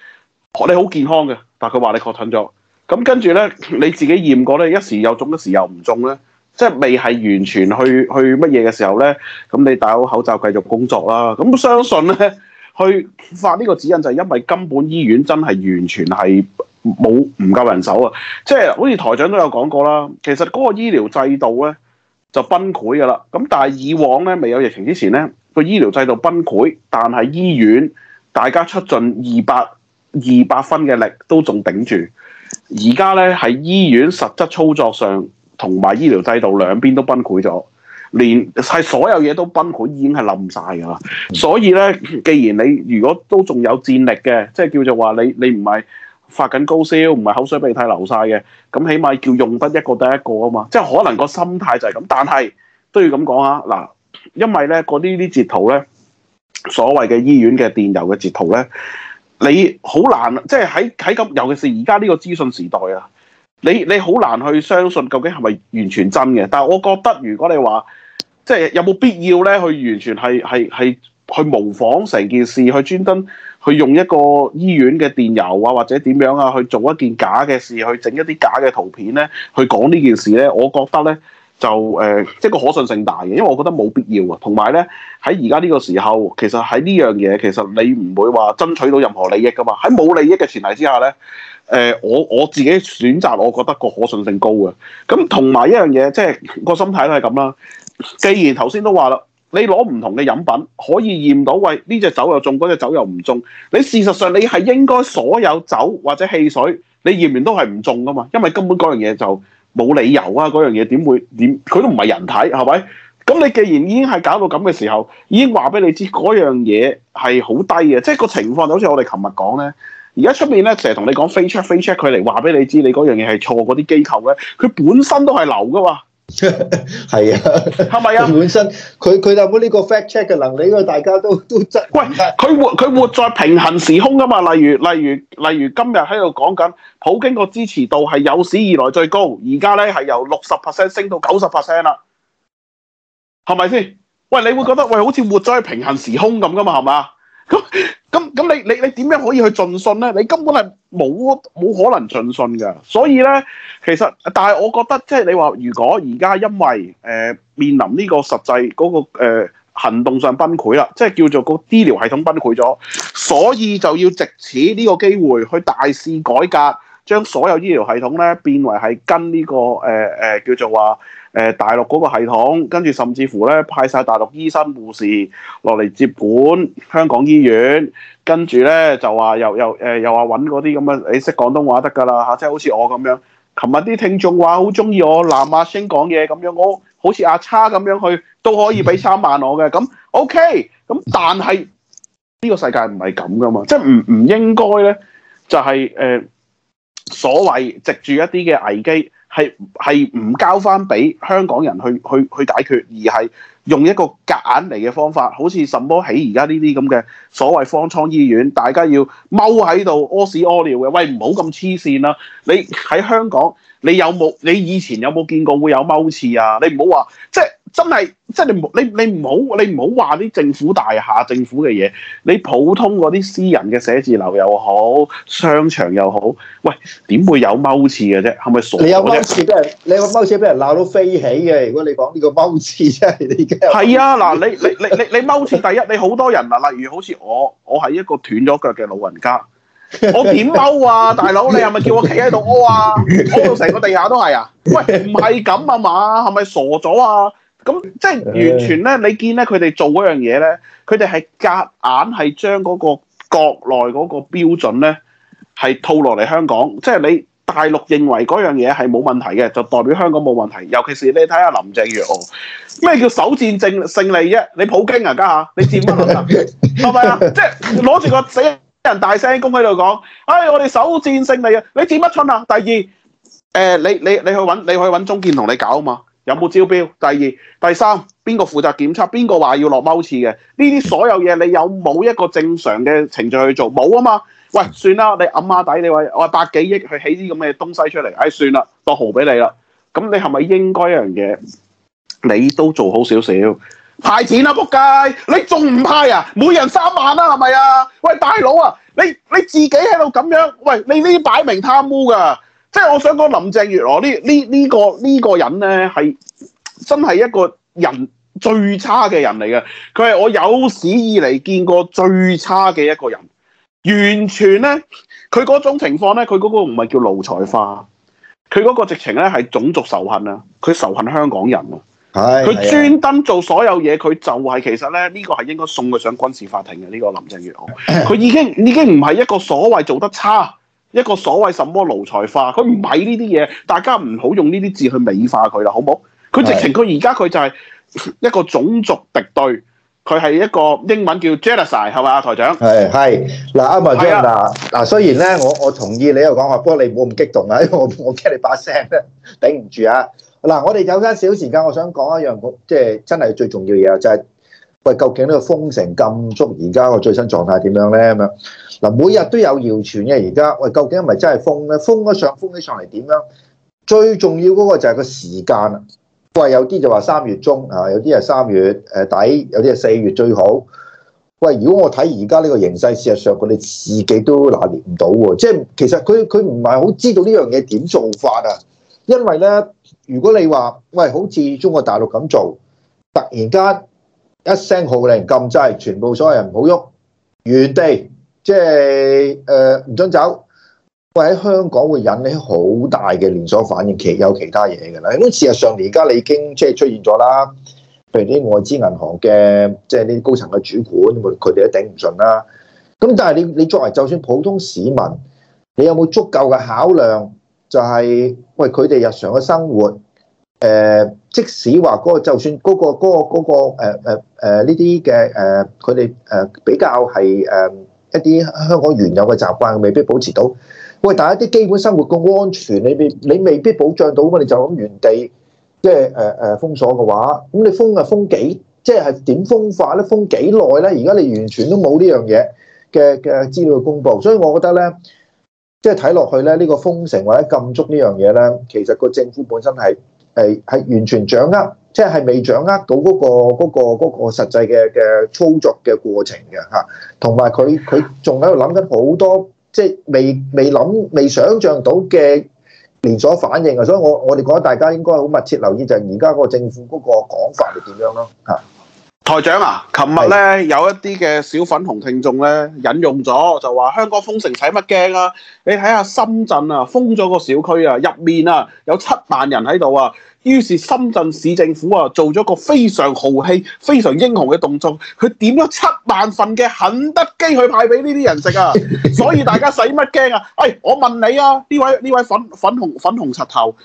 你好健康嘅，但係佢話你確診咗，咁跟住咧你自己驗過咧，一時有中一時又唔中咧，即係未係完全去去乜嘢嘅時候咧，咁你戴好口罩繼續工作啦。咁相信咧，去發呢個指引就係因為根本醫院真係完全係冇唔夠人手啊，即係好似台長都有講過啦。其實嗰個醫療制度咧就崩潰噶啦。咁但係以往咧未有疫情之前咧，個醫療制度崩潰，但係醫院大家出盡二百。二百分嘅力都仲頂住，而家呢，係醫院實質操作上同埋醫療制度兩邊都崩潰咗，連係所有嘢都崩潰，已經係冧晒噶啦。所以呢，既然你如果都仲有戰力嘅，即係叫做話你你唔係發緊高燒，唔係口水鼻涕流晒嘅，咁起碼叫用得一個得一個啊嘛。即係可能個心態就係咁，但係都要咁講啊嗱，因為呢個呢啲截圖呢，所謂嘅醫院嘅電郵嘅截圖呢。你好難，即係喺喺咁，尤其是而家呢個資訊時代啊，你你好難去相信究竟係咪完全真嘅？但係我覺得，如果你話即係有冇必要咧，去完全係係係去模仿成件事，去專登去用一個醫院嘅電郵啊，或者點樣啊，去做一件假嘅事，去整一啲假嘅圖片咧，去講呢件事咧，我覺得咧。就誒、呃，即係個可信性大嘅，因為我覺得冇必要啊。同埋咧，喺而家呢個時候，其實喺呢樣嘢，其實你唔會話爭取到任何利益噶嘛。喺冇利益嘅前提之下咧，誒、呃，我我自己選擇，我覺得個可信性高嘅。咁同埋一樣嘢，即係個心態都係咁啦。既然頭先都話啦，你攞唔同嘅飲品可以驗到，喂，呢隻酒又中，嗰隻酒又唔中。你事實上你係應該所有酒或者汽水，你驗完都係唔中噶嘛，因為根本嗰樣嘢就。冇理由啊！嗰樣嘢點會點？佢都唔係人體，係咪？咁你既然已經係搞到咁嘅時候，已經話俾你知嗰樣嘢係好低嘅，即係個情況，就好似我哋琴日講咧，而家出面咧成日同你講 fact check fact check 佢嚟話俾你知，你嗰樣嘢係錯，嗰啲機構咧，佢本身都係流㗎喎。係 啊，係咪啊？本身佢佢有冇呢個 fact check 嘅能力，呢個大家都都真。喂，佢活佢活在平衡時空啊嘛，例如例如例如今日喺度講緊普京個支持度係有史以來最高，而家咧係由六十 percent 升到九十 percent 啦，係咪先？喂，你會覺得喂好似活在平衡時空咁噶嘛？係嘛？咁。 咁咁你你你點樣可以去盡信咧？你根本係冇冇可能盡信㗎。所以咧，其實但係我覺得，即係你話，如果而家因為誒、呃、面臨呢個實際嗰、那個、呃、行動上崩潰啦，即係叫做個醫療系統崩潰咗，所以就要藉此呢個機會去大肆改革。將所有醫療系統咧，變為係跟呢、呢個誒誒、呃、叫做話誒、呃、大陸嗰個系統，跟住甚至乎咧，派晒大陸醫生護士落嚟接管香港醫院，跟住咧，就話又又誒、呃、又話揾嗰啲咁嘅你識廣東話得㗎啦嚇，即係好似我咁樣。琴日啲聽眾話好中意我南亞星講嘢咁樣，我好似阿叉咁樣去都可以俾三萬我嘅，咁、嗯、OK、嗯。咁但係呢、呢個世界唔係咁㗎嘛，即係唔唔應該咧就係、是、誒。呃所謂藉住一啲嘅危機，係係唔交翻俾香港人去去去解決，而係用一個夾硬嚟嘅方法，好似什麼起而家呢啲咁嘅所謂方艙醫院，大家要踎喺度屙屎屙尿嘅，喂唔好咁黐線啦！你喺香港，你有冇你以前有冇見過會有踎廁啊？你唔好話即係。真係，即係你冇你你唔好你唔好話啲政府大廈政府嘅嘢，你普通嗰啲私人嘅寫字樓又好，商場又好，喂點會有踎廁嘅啫？係咪傻？你有踎廁俾人，你有踎廁俾人鬧到飛起嘅。如果你講呢個踎廁真係你已經係。係啊，嗱你你你你你踎廁第一你好多人啊，例如好似我，我係一個斷咗腳嘅老人家，我點踎啊？大佬你係咪叫我企喺度屙啊？屙到成個地下都係啊？喂唔係咁啊嘛，係咪傻咗啊？咁即係完全咧，你見咧佢哋做嗰樣嘢咧，佢哋係夾硬係將嗰個國內嗰個標準咧係套落嚟香港。即係你大陸認為嗰樣嘢係冇問題嘅，就代表香港冇問題。尤其是你睇下林鄭月娥，咩叫首戰勝勝利啫？你普京啊家下啊，你點乜春？係咪啊？即係攞住個死人大聲公喺度講，哎，我哋首戰勝利啊！你點乜春啊？第二，誒、呃、你你你，你去揾你去揾中建同你搞啊嘛。有冇招標？第二、第三，邊個負責檢測？邊個話要落踎廁嘅？呢啲所有嘢，你有冇一個正常嘅程序去做？冇啊嘛！喂，算啦，你揞下底，你話我百幾億去起啲咁嘅東西出嚟，唉、哎，算啦，剁號俾你啦。咁你係咪應該一樣嘢？你都做好少少派錢啦、啊，仆街！你仲唔派啊？每人三萬啦、啊，係咪啊？喂，大佬啊，你你自己喺度咁樣，喂，你呢啲擺明貪污噶？即係我想講林鄭月娥呢呢呢個呢個人咧，係真係一個人最差嘅人嚟嘅，佢係我有史以嚟見過最差嘅一個人。完全咧，佢嗰種情況咧，佢嗰個唔係叫奴才化，佢嗰個直情咧係種族仇恨啊！佢仇恨香港人喎，佢專登做所有嘢，佢就係其實咧呢個係應該送佢上軍事法庭嘅呢個林鄭月娥，佢已經已經唔係一個所謂做得差。一個所謂什麼奴才化，佢唔係呢啲嘢，大家唔好用呢啲字去美化佢啦，好唔好？佢直情佢而家佢就係一個種族敵對，佢係一個英文叫 genocide 係嘛，台長？係係嗱，阿麥長嗱嗱，雖然咧，我我同意你又講話，不過你唔好咁激動啊，因為我我驚你把聲咧頂唔住啊。嗱，我哋有間小時間，我想講一樣即係真係最重要嘢啊，就係、是。喂，究竟呢個封城禁足，而家個最新狀態點樣咧？咁樣嗱，每日都有謠傳嘅。而家喂，究竟係咪真係封咧？封咗上，封起上嚟點樣？最重要嗰個就係個時間啊！喂，有啲就話三月中啊，有啲係三月誒底，有啲係四月最好。喂，如果我睇而家呢個形勢，事實上佢哋自己都拿捏唔到喎。即係其實佢佢唔係好知道呢樣嘢點做法啊。因為咧，如果你話喂，好似中國大陸咁做，突然間～一聲號令禁制，全部所有人唔好喐，原地即係誒唔准走。喂、呃，喺香港會引起好大嘅連鎖反應，其有其他嘢嘅啦。咁事實上而家你已經即係出現咗啦，譬如啲外資銀行嘅即係啲高層嘅主管，佢哋都頂唔順啦。咁但係你你作為就算普通市民，你有冇足夠嘅考量？就係喂佢哋日常嘅生活，誒、呃。即使話、嗰、嗰個，就算嗰、嗰個嗰、嗰個嗰、嗰個呢啲嘅誒，佢哋誒比較係誒、呃、一啲香港原有嘅習慣，未必保持到。喂，但係一啲基本生活嘅安全，你你你未必保障到啊嘛！你就咁原地即係誒誒封鎖嘅話，咁你封啊封幾，即係點封法咧？封幾耐咧？而家你完全都冇呢樣嘢嘅嘅資料公布，所以我覺得咧，即係睇落去咧，呢、呢個封城或者禁足樣呢樣嘢咧，其實個政府本身係。係係完全掌握，即係未掌握到嗰個嗰個嗰個實際嘅嘅操作嘅過程嘅嚇，同埋佢佢仲喺度諗緊好多，即係未未諗未想像到嘅連鎖反應啊！所以我我哋覺得大家應該好密切留意，就係而家個政府嗰個講法係點樣咯嚇。台長啊，琴日咧有一啲嘅小粉紅聽眾咧引用咗，就話香港封城使乜驚啊？你睇下深圳啊，封咗個小區啊，入面啊有七萬人喺度啊，於是深圳市政府啊做咗個非常豪氣、非常英雄嘅動作，佢點咗七萬份嘅肯德基去派俾呢啲人食啊，所以大家使乜驚啊？誒、 哎，我問你啊，呢位呢位粉粉紅粉紅柒頭，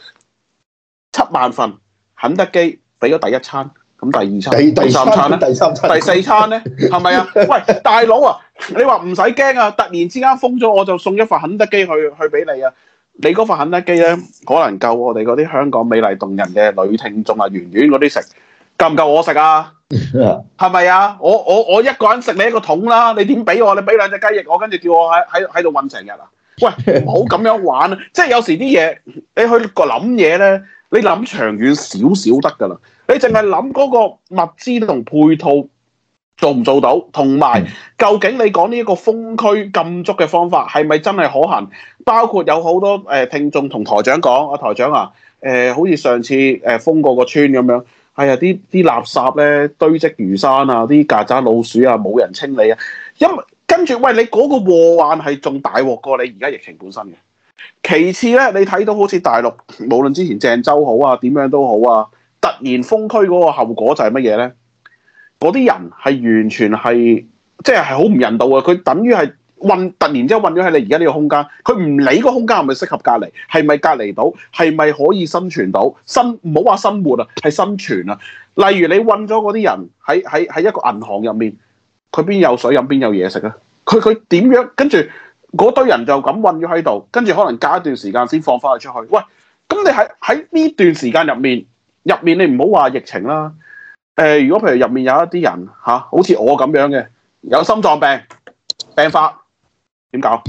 七萬份肯德基俾咗第一餐。咁第二餐、第三餐咧，第四餐咧，係咪 啊？喂，大佬啊，你話唔使驚啊！突然之間封咗，我就送一份肯德基去去俾你啊！你嗰份肯德基咧，可能夠我哋嗰啲香港美麗動人嘅女聽眾啊，圓圓嗰啲食，夠唔夠我食啊？係咪啊？我我我一個人食你一個桶啦、啊！你點俾我？你俾兩隻雞翼，我跟住叫我喺喺喺度混成日啊！喂，唔好咁樣玩、啊，即係有時啲嘢，你去個諗嘢咧，你諗長遠少少得噶啦。你淨係諗嗰個物資同配套做唔做到，同埋究竟你講呢一個封區禁足嘅方法係咪真係可行？包括有好多誒、呃、聽眾同台長講，阿、啊、台長啊，誒、呃、好似上次誒、呃、封過個村咁樣，哎呀啲啲垃圾咧堆積如山啊，啲曱甴老鼠啊冇人清理啊，因跟住喂，你嗰個禍患係仲大鑊過你而家疫情本身嘅。其次咧，你睇到好似大陸無論之前鄭州好啊，點樣都好啊。突然封區嗰個後果就係乜嘢咧？嗰啲人係完全係即係係好唔人道啊！佢等於係運突然之後運咗喺你而家呢個空間，佢唔理個空間係咪適合隔離，係咪隔離到，係咪可以生存到生唔好話生活啊，係生存啊。例如你運咗嗰啲人喺喺喺一個銀行入面，佢邊有水飲，邊有嘢食咧？佢佢點樣跟住嗰堆人就咁運咗喺度，跟住可能隔一段時間先放翻佢出去。喂，咁你喺喺呢段時間入面？入面你唔好話疫情啦，誒，如果譬如入面有一啲人嚇，好似我咁樣嘅，有心臟病病發，點搞？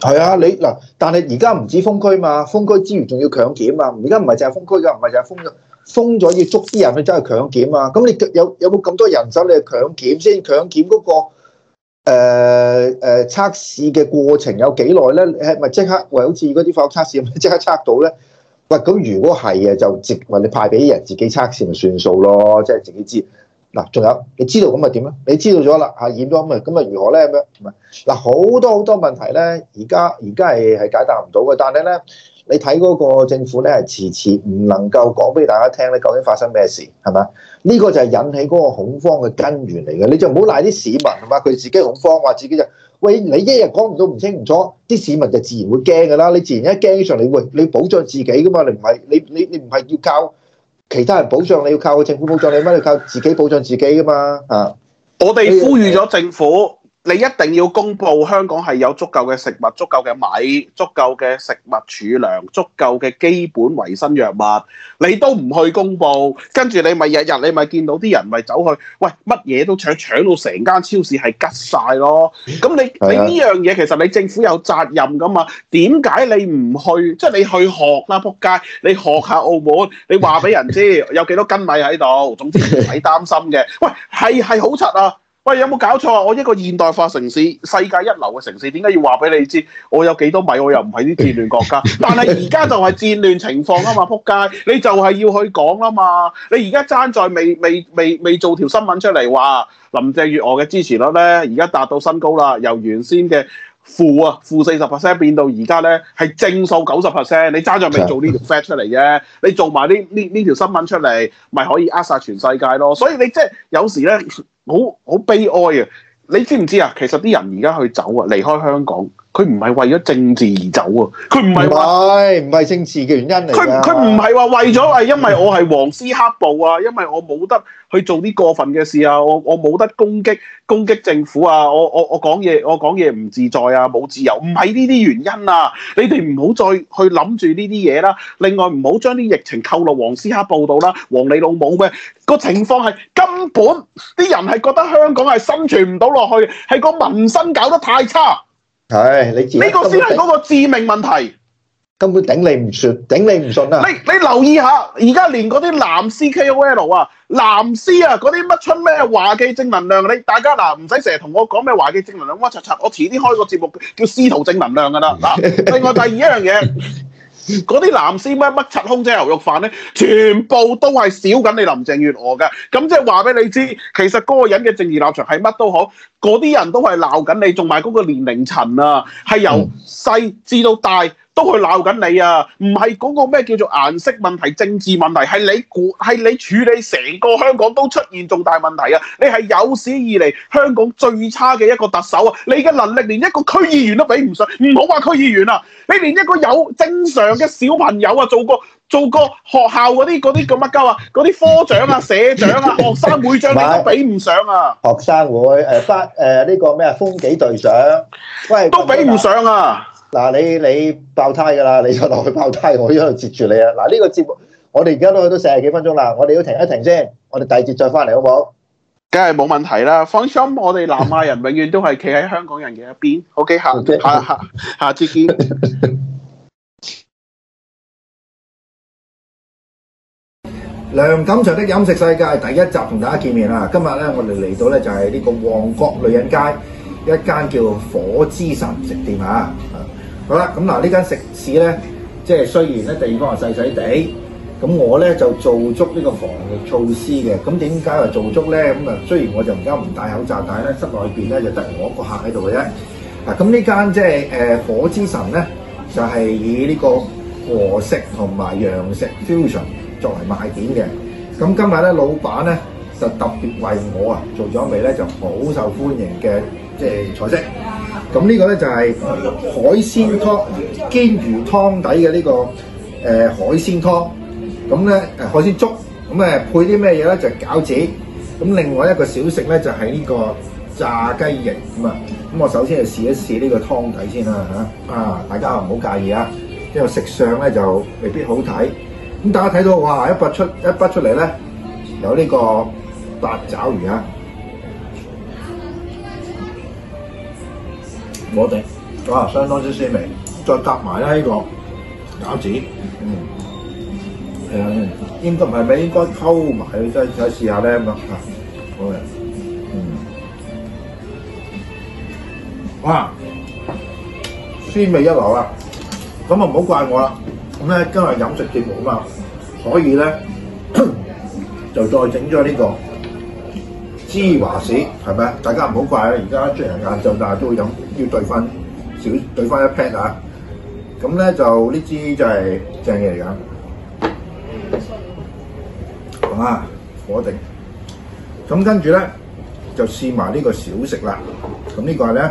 係啊，你嗱，但係而家唔止封區嘛，封區之餘仲要強檢啊！而家唔係就係封區㗎，唔係就係封咗。封咗要捉啲人去走去強檢啊！咁你有有冇咁多人手你強檢先？強檢嗰個誒誒測試嘅過程有幾耐咧？係咪即刻，喂，好似嗰啲化學測試咁，即刻測到咧？喂，咁如果係嘅就直話你派俾啲人自己測試咪算數咯，即係自己知。嗱，仲有你知道咁咪點咧？你知道咗啦，嚇染咗咁咪，咁咪如何咧咁樣？嗱，好多好多問題咧，而家而家係係解答唔到嘅。但係咧，你睇嗰個政府咧係遲遲唔能夠講俾大家聽咧，究竟發生咩事係嘛？呢個就係引起嗰個恐慌嘅根源嚟嘅。你就唔好賴啲市民啊嘛，佢自己恐慌話自己就。喂，你一日講唔到唔清唔楚，啲市民就自然會驚㗎啦。你自然一驚上嚟你會你保障自己㗎嘛？你唔係你你你唔係要靠其他人保障，你要靠個政府保障，你咪要靠自己保障自己㗎嘛？啊！我哋呼籲咗政府。你一定要公布香港係有足夠嘅食物、足夠嘅米、足夠嘅食物儲糧、足夠嘅基本維生藥物，你都唔去公布，跟住你咪日日你咪見到啲人咪走去，喂，乜嘢都搶搶到成間超市係吉晒咯。咁你、啊、你呢樣嘢其實你政府有責任噶嘛？點解你唔去？即係你去學啦，仆街！你學下澳門，你話俾人知有幾多斤米喺度，總之你唔使擔心嘅。喂，係係好柒啊！喂，有冇搞錯啊？我一個現代化城市、世界一流嘅城市，點解要話俾你知我有幾多米？我又唔係啲戰亂國家，但係而家就係戰亂情況啊嘛！仆街，你就係要去講吖嘛！你而家爭在未、未、未、未做條新聞出嚟，話林鄭月娥嘅支持率呢？而家達到新高啦，由原先嘅，負啊，負四十 percent 變到而家咧係正數九十 percent，你揸住咪做呢條 fact 出嚟啫，你做埋呢呢呢條新聞出嚟咪可以呃曬全世界咯，所以你即係有時咧好好悲哀啊！你知唔知啊？其實啲人而家去走啊，離開香港。佢唔係為咗政治而走啊！佢唔係唔唔係政治嘅原因嚟。佢佢唔係話為咗係因為我係黃絲黑暴啊，因為我冇得、啊、 去做啲過分嘅事啊，我我冇得攻擊攻擊政府啊，我我我講嘢我講嘢唔自在啊，冇自由，唔係呢啲原因啊！你哋唔好再去諗住呢啲嘢啦。另外唔好將啲疫情扣落黃絲黑暴度啦，黃你老母嘅個情況係根本啲人係覺得香港係生存唔到落去，係個民生搞得太差。係，你呢個先係嗰個致命問題，根本頂你唔順，頂你唔順啊！ 你你留意下，而家連嗰啲藍絲 K O L 啊，藍絲啊，嗰啲乜出咩華記正能量？你大家嗱，唔使成日同我講咩華記正能量，屈屈屈。我遲啲開個節目叫司徒正能量噶啦嗱。另外第二一樣嘢。 嗰啲男司乜乜七空姐牛肉飯咧，全部都係少緊你林鄭月娥嘅，咁即係話俾你知，其實嗰個人嘅正義立場係乜都好，嗰啲人都係鬧緊你，仲埋嗰個年齡層啊，係由細至到大。都去鬧緊你啊！唔係嗰個咩叫做顏色問題、政治問題，係你管，係你處理成個香港都出現重大問題啊！你係有史以嚟香港最差嘅一個特首啊！你嘅能力連一個區議員都比唔上，唔好話區議員啊，你連一個有正常嘅小朋友啊，做過做過學校嗰啲嗰啲咁乜鳩啊，嗰啲科長啊、社長啊、 學生會長 你都比唔上啊！學生會誒得誒呢個咩啊風紀隊長，喂都比唔上啊！嗱，你你爆胎噶啦，你再落去爆胎，我一度截住你啊！嗱，呢個節目我哋而家都去到四十幾分鐘啦，我哋要停一停先，我哋第二節再翻嚟好冇？梗係冇問題啦。放心，我哋南亞人永遠都係企喺香港人嘅一邊。 OK，下 下下，下，下次見。 梁錦祥的飲食世界第一集同大家見面啦！今日咧，我哋嚟到咧就係呢個旺角女人街一間叫火之神食店啊！好啦，咁嗱呢間食肆咧，即係雖然咧地方係細細地，咁我咧就做足呢個防疫措施嘅。咁點解話做足咧？咁啊，雖然我就而家唔戴口罩，但係咧室內邊咧就得我一個客喺度嘅啫。嗱，咁呢間即係誒火之神咧，就係以呢個和食同埋洋食 fusion 作為賣點嘅。咁今日咧，老闆咧就特別為我啊做咗一味咧就好受歡迎嘅即係菜式。咁呢個咧就係海鮮湯，煎魚湯底嘅呢、這個誒、呃、海鮮湯，咁咧誒海鮮粥，咁、嗯、誒配啲咩嘢咧？就餃、是、子，咁、嗯、另外一個小食咧就係、是、呢個炸雞翼咁啊！咁、嗯、我首先就試一試呢個湯底先啦嚇，啊大家唔好介意啊，因為食相咧就未必好睇。咁、嗯、大家睇到哇一筆出一筆出嚟咧，有呢個八爪魚啊！我哋哇，相當之鮮味，再夾埋咧呢個餃子，嗯，係啊，應該唔係咩，應該溝埋，再係試下咧咁啊，好嘅，嗯，哇，鮮味一流啊，咁啊唔好怪我啦，咁咧今日飲食節目啊嘛，所以咧 就再整咗呢個芝華士，係咪大家唔好怪啊，而家出嚟晏晝，大家、嗯、都會飲。要對翻少對翻一 pat 啊，咁咧就呢支就係正嘢嚟㗎。哇、啊，火定！咁、啊、跟住咧就試埋呢個小食啦。咁、啊這個、呢個咧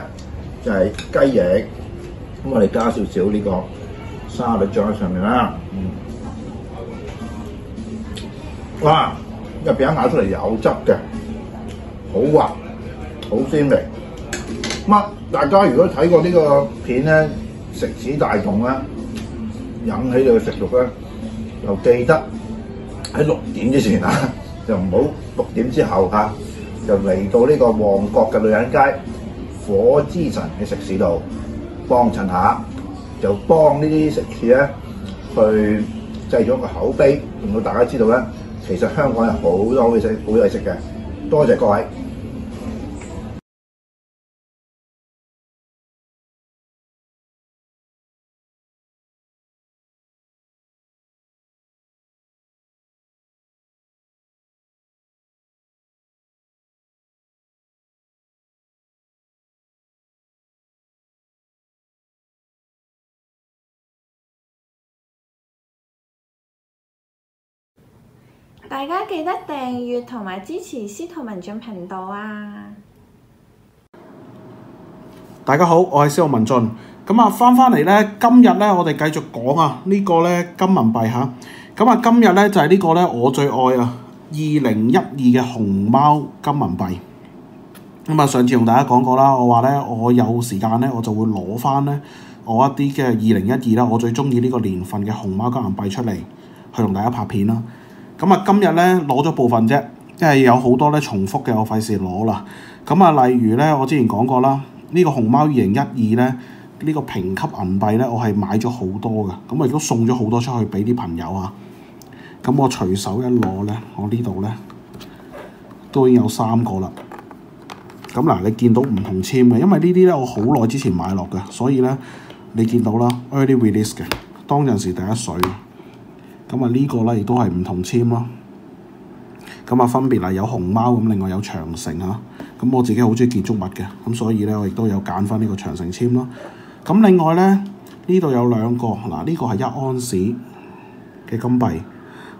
就係、是、雞翼。咁、啊、我哋加少少呢個沙律醬喺上面啦。哇、嗯，一、啊、餅咬出嚟有汁嘅，好滑，好鮮味。乜？大家如果睇過呢個片咧，食肆大動咧，引起你嘅食欲，咧，又記得喺六點之前啊，就唔好六點之後啊，就嚟到呢個旺角嘅女人街火之神嘅食肆度幫襯下，就幫呢啲食肆咧去製咗個口碑，令到大家知道咧，其實香港人好多好嘢食，好嘢食嘅，多謝各位。大家記得訂閱同埋支持司徒文進頻道啊！大家好，我係司徒文進。咁啊，翻翻嚟呢，今日呢，我哋繼續講啊呢個呢，金銀幣吓。咁啊，今日呢，就係呢個呢，我最愛啊，二零一二嘅熊貓金銀幣。咁啊，上次同大家講過啦，我話呢，我有時間呢，我就會攞翻呢，我一啲嘅二零一二啦，我最中意呢個年份嘅熊貓金銀幣出嚟，去同大家拍片啦。咁啊，今日咧攞咗部分啫，即係有好多咧重複嘅，我費事攞啦。咁啊，例如咧，我之前講過啦，呢個熊貓二零一二咧，呢個評級銀幣咧，我係買咗好多嘅。咁啊，亦都送咗好多出去俾啲朋友啊，咁我隨手一攞咧，我呢度咧都已經有三個啦。咁嗱，你見到唔同簽嘅，因為呢啲咧我好耐之前買落嘅，所以咧你見到啦 early release 嘅，當陣時第一水。咁啊，呢個咧亦都係唔同簽咯。咁啊，分別啊有熊貓咁，另外有長城啊。咁我自己好中意建築物嘅，咁所以咧我亦都有揀翻呢個長城簽咯。咁另外咧呢度有兩個嗱，呢個係一安士嘅金幣，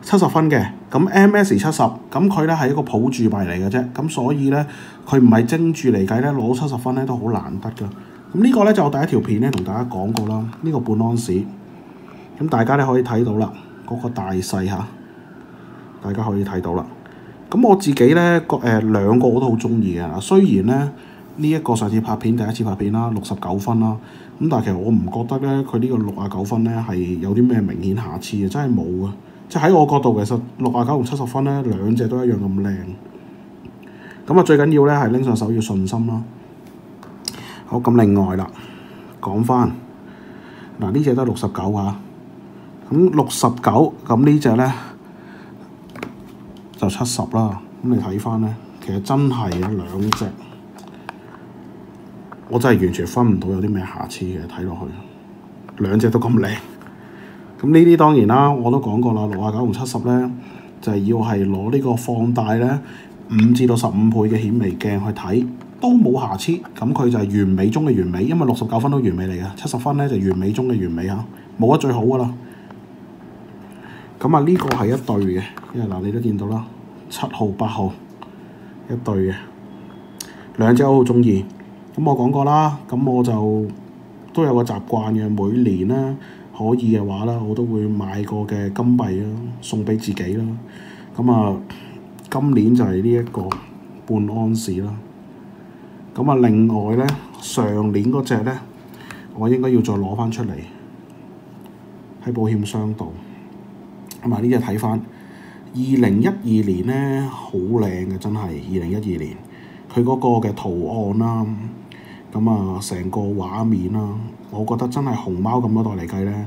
七十分嘅。咁 M S 七十，咁佢咧係一個普鑄幣嚟嘅啫。咁所以咧佢唔係精鑄嚟計咧，攞七十分咧都好難得㗎。咁呢個咧就我第一條片咧同大家講過啦。呢個半安士咁大家咧可以睇到啦。嗰個大細嚇，大家可以睇到啦。咁我自己咧，個誒兩個我都好中意嘅。雖然咧呢一個上次拍片，第一次拍片啦，六十九分啦。咁但係其實我唔覺得咧，佢呢個六啊九分咧係有啲咩明顯瑕疵嘅，真係冇嘅。即係喺我角度其實六啊九同七十分咧兩隻都一樣咁靚。咁啊最緊要咧係拎上手要信心啦。好，咁另外啦，講翻嗱呢隻都六十九啊。咁六十九，咁呢隻呢，就七十啦。咁你睇翻呢，其實真係有兩隻我真係完全分唔到有啲咩瑕疵嘅。睇落去兩隻都咁靚，咁呢啲當然啦，我都講過啦，六啊九同七十呢，就係要係攞呢個放大呢，五至到十五倍嘅顯微鏡去睇，都冇瑕疵。咁佢就係完美中嘅完美，因為六十九分都完美嚟嘅。七十分呢，就完美中嘅完美嚇，冇得最好噶啦。咁啊呢個係一對嘅，因為嗱你都見到啦，七號八號一對嘅，兩隻我都好中意。咁我講過啦，咁我就都有個習慣嘅，每年咧可以嘅話咧，我都會買個嘅金幣咯，送俾自己啦。咁啊，今年就係呢一個半安士啦。咁啊，另外咧，上年嗰隻咧，我應該要再攞翻出嚟喺保險箱度。同埋呢隻睇翻，二零一二年呢，好靚嘅，真係二零一二年，佢嗰個嘅圖案啦、啊，咁啊成個畫面啦、啊，我覺得真係熊貓咁多代嚟計呢，呢、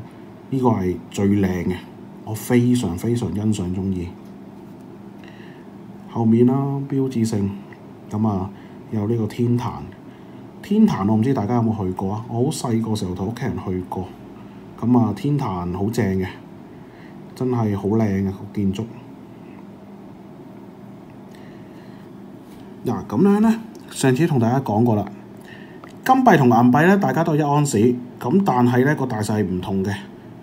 呢個係最靚嘅，我非常非常欣賞鍾意。後面啦、啊，標誌性，咁啊有呢個天壇，天壇我唔知大家有冇去過啊，我好細個時候同屋企人去過，咁啊天壇好正嘅。真係好靚呀個建築。嗱咁樣咧，上次同大家講過啦，金幣同銀幣咧，大家都係一安士，咁但係咧個大細唔同嘅。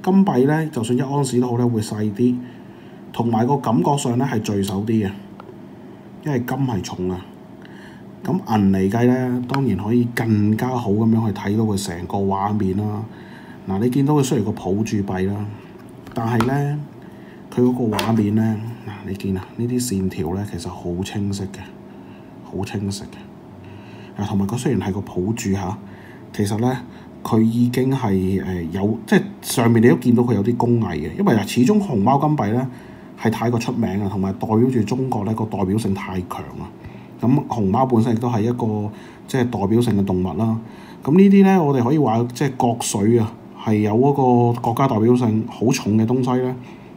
金幣咧，就算一安士都好咧，會細啲，同埋個感覺上咧係墜手啲嘅，因為金係重啊。咁銀嚟計咧，當然可以更加好咁樣去睇到佢成個畫面啦。嗱，你見到佢雖然個抱住幣啦。但係咧，佢嗰個畫面咧，嗱，你見啊，呢啲線條咧，其實好清晰嘅，好清晰嘅。啊，同埋佢雖然係個普製嚇，其實咧佢已經係誒有，即係上面你都見到佢有啲工藝嘅。因為啊，始終熊貓金幣咧係太過出名啊，同埋代表住中國咧，個代表性太強啊。咁熊貓本身亦都係一個即係代表性嘅動物啦。咁呢啲咧，我哋可以話即係國粹啊。係有嗰個國家代表性好重嘅東西咧，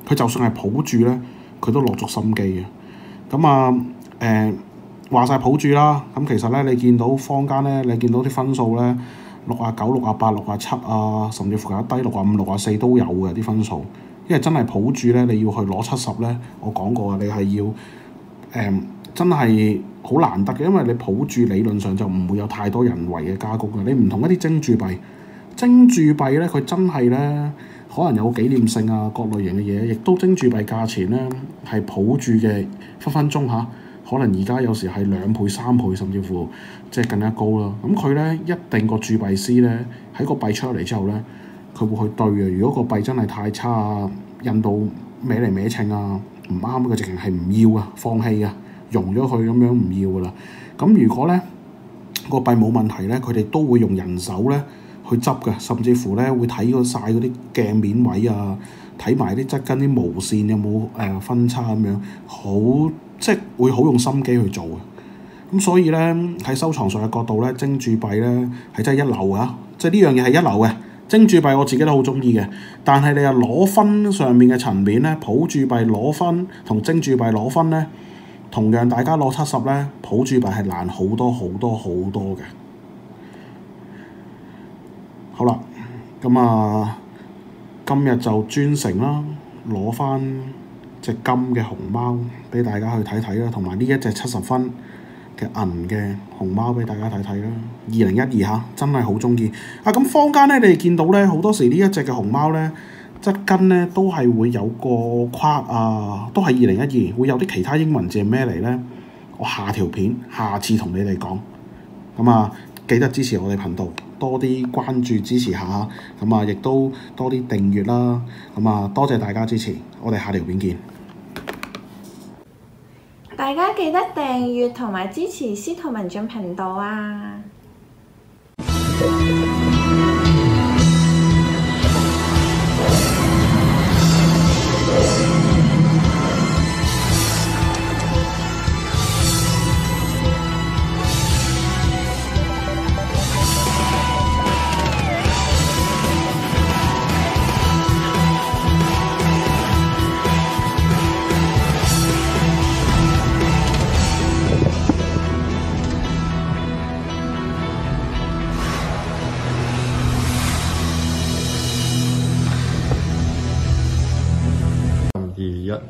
佢就算係抱住咧，佢都落足心機嘅。咁啊，誒話晒抱住啦。咁其實咧，你見到坊間咧，你見到啲分數咧，六啊九、六啊八、六啊七啊，甚至乎有低六啊五、六啊四都有嘅啲分數。因為真係抱住咧，你要去攞七十咧，我講過嘅，你係要誒、呃、真係好難得嘅，因為你抱住理論上就唔會有太多人為嘅加工啦。你唔同一啲精鑄幣。精鑄幣咧，佢真係咧，可能有紀念性啊，各類型嘅嘢，亦都精鑄幣價錢咧係抱住嘅分分鐘嚇、啊。可能而家有時係兩倍、三倍，甚至乎即係更加高啦。咁佢咧一定個鑄幣師咧喺個幣出嚟之後咧，佢會去對啊。如果個幣真係太差啊，印到歪嚟歪稱啊，唔啱嘅，直情係唔要啊，放棄啊，融咗佢咁樣唔要噶啦。咁、嗯、如果咧、個幣冇問題咧，佢哋都會用人手咧。去執嘅，甚至乎咧會睇嗰曬嗰啲鏡面位啊，睇埋啲側跟啲毛線有冇誒、呃、分叉咁樣，好即係會好用心機去做嘅。咁所以咧喺收藏上嘅角度咧，精鑄幣咧係真係一流啊！即係呢樣嘢係一流嘅。精鑄幣我自己都好中意嘅，但係你又攞分上面嘅層面咧，普鑄幣攞分同精鑄幣攞分咧，同樣大家攞七十咧，普鑄幣係難好多好多好多嘅。好啦，咁啊，今日就專程啦，攞翻隻金嘅熊貓俾大家去睇睇啦，同埋呢一隻七十分嘅銀嘅熊貓俾大家睇睇啦。二零一二嚇，真係好中意啊！咁、啊、坊間咧，你哋見到咧，好多時呢一隻嘅熊貓咧，側近咧都係會有個框啊，都係二零一二，會有啲其他英文字係咩嚟咧？我下條片下次同你哋講，咁啊，記得支持我哋頻道。多啲關注支持下，咁啊，亦都多啲訂閱啦，咁啊，多謝大家支持，我哋下條片見。大家記得訂閱同埋支持司徒文進頻道啊！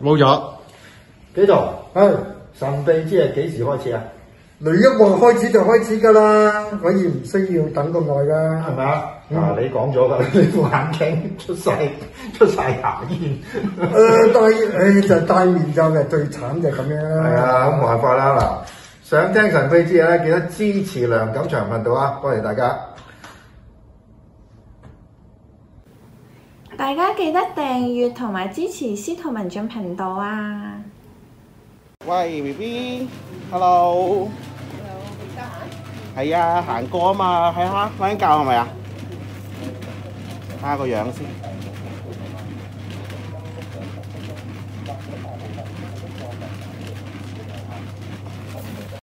冇咗，繼續，唉是，神秘之夜幾時開始啊？雷一王開始就開始噶啦，我亦唔需要等咁耐噶，係咪、嗯、啊？嗱，你講咗啦，你副眼鏡出晒出晒牙煙，誒、 呃，戴，誒、哎，就戴、是、面罩嘅最慘就咁樣啦。係啊，咁冇辦法啦。嗱，想聽神秘之夜咧，記得支持梁錦祥頻道啊，多謝大家。大家記得訂閱同埋支持司徒文進頻道啊！喂，BB，hello，hello，係啊，行過啊嘛，睇下瞓緊覺係咪啊？睇下個樣先。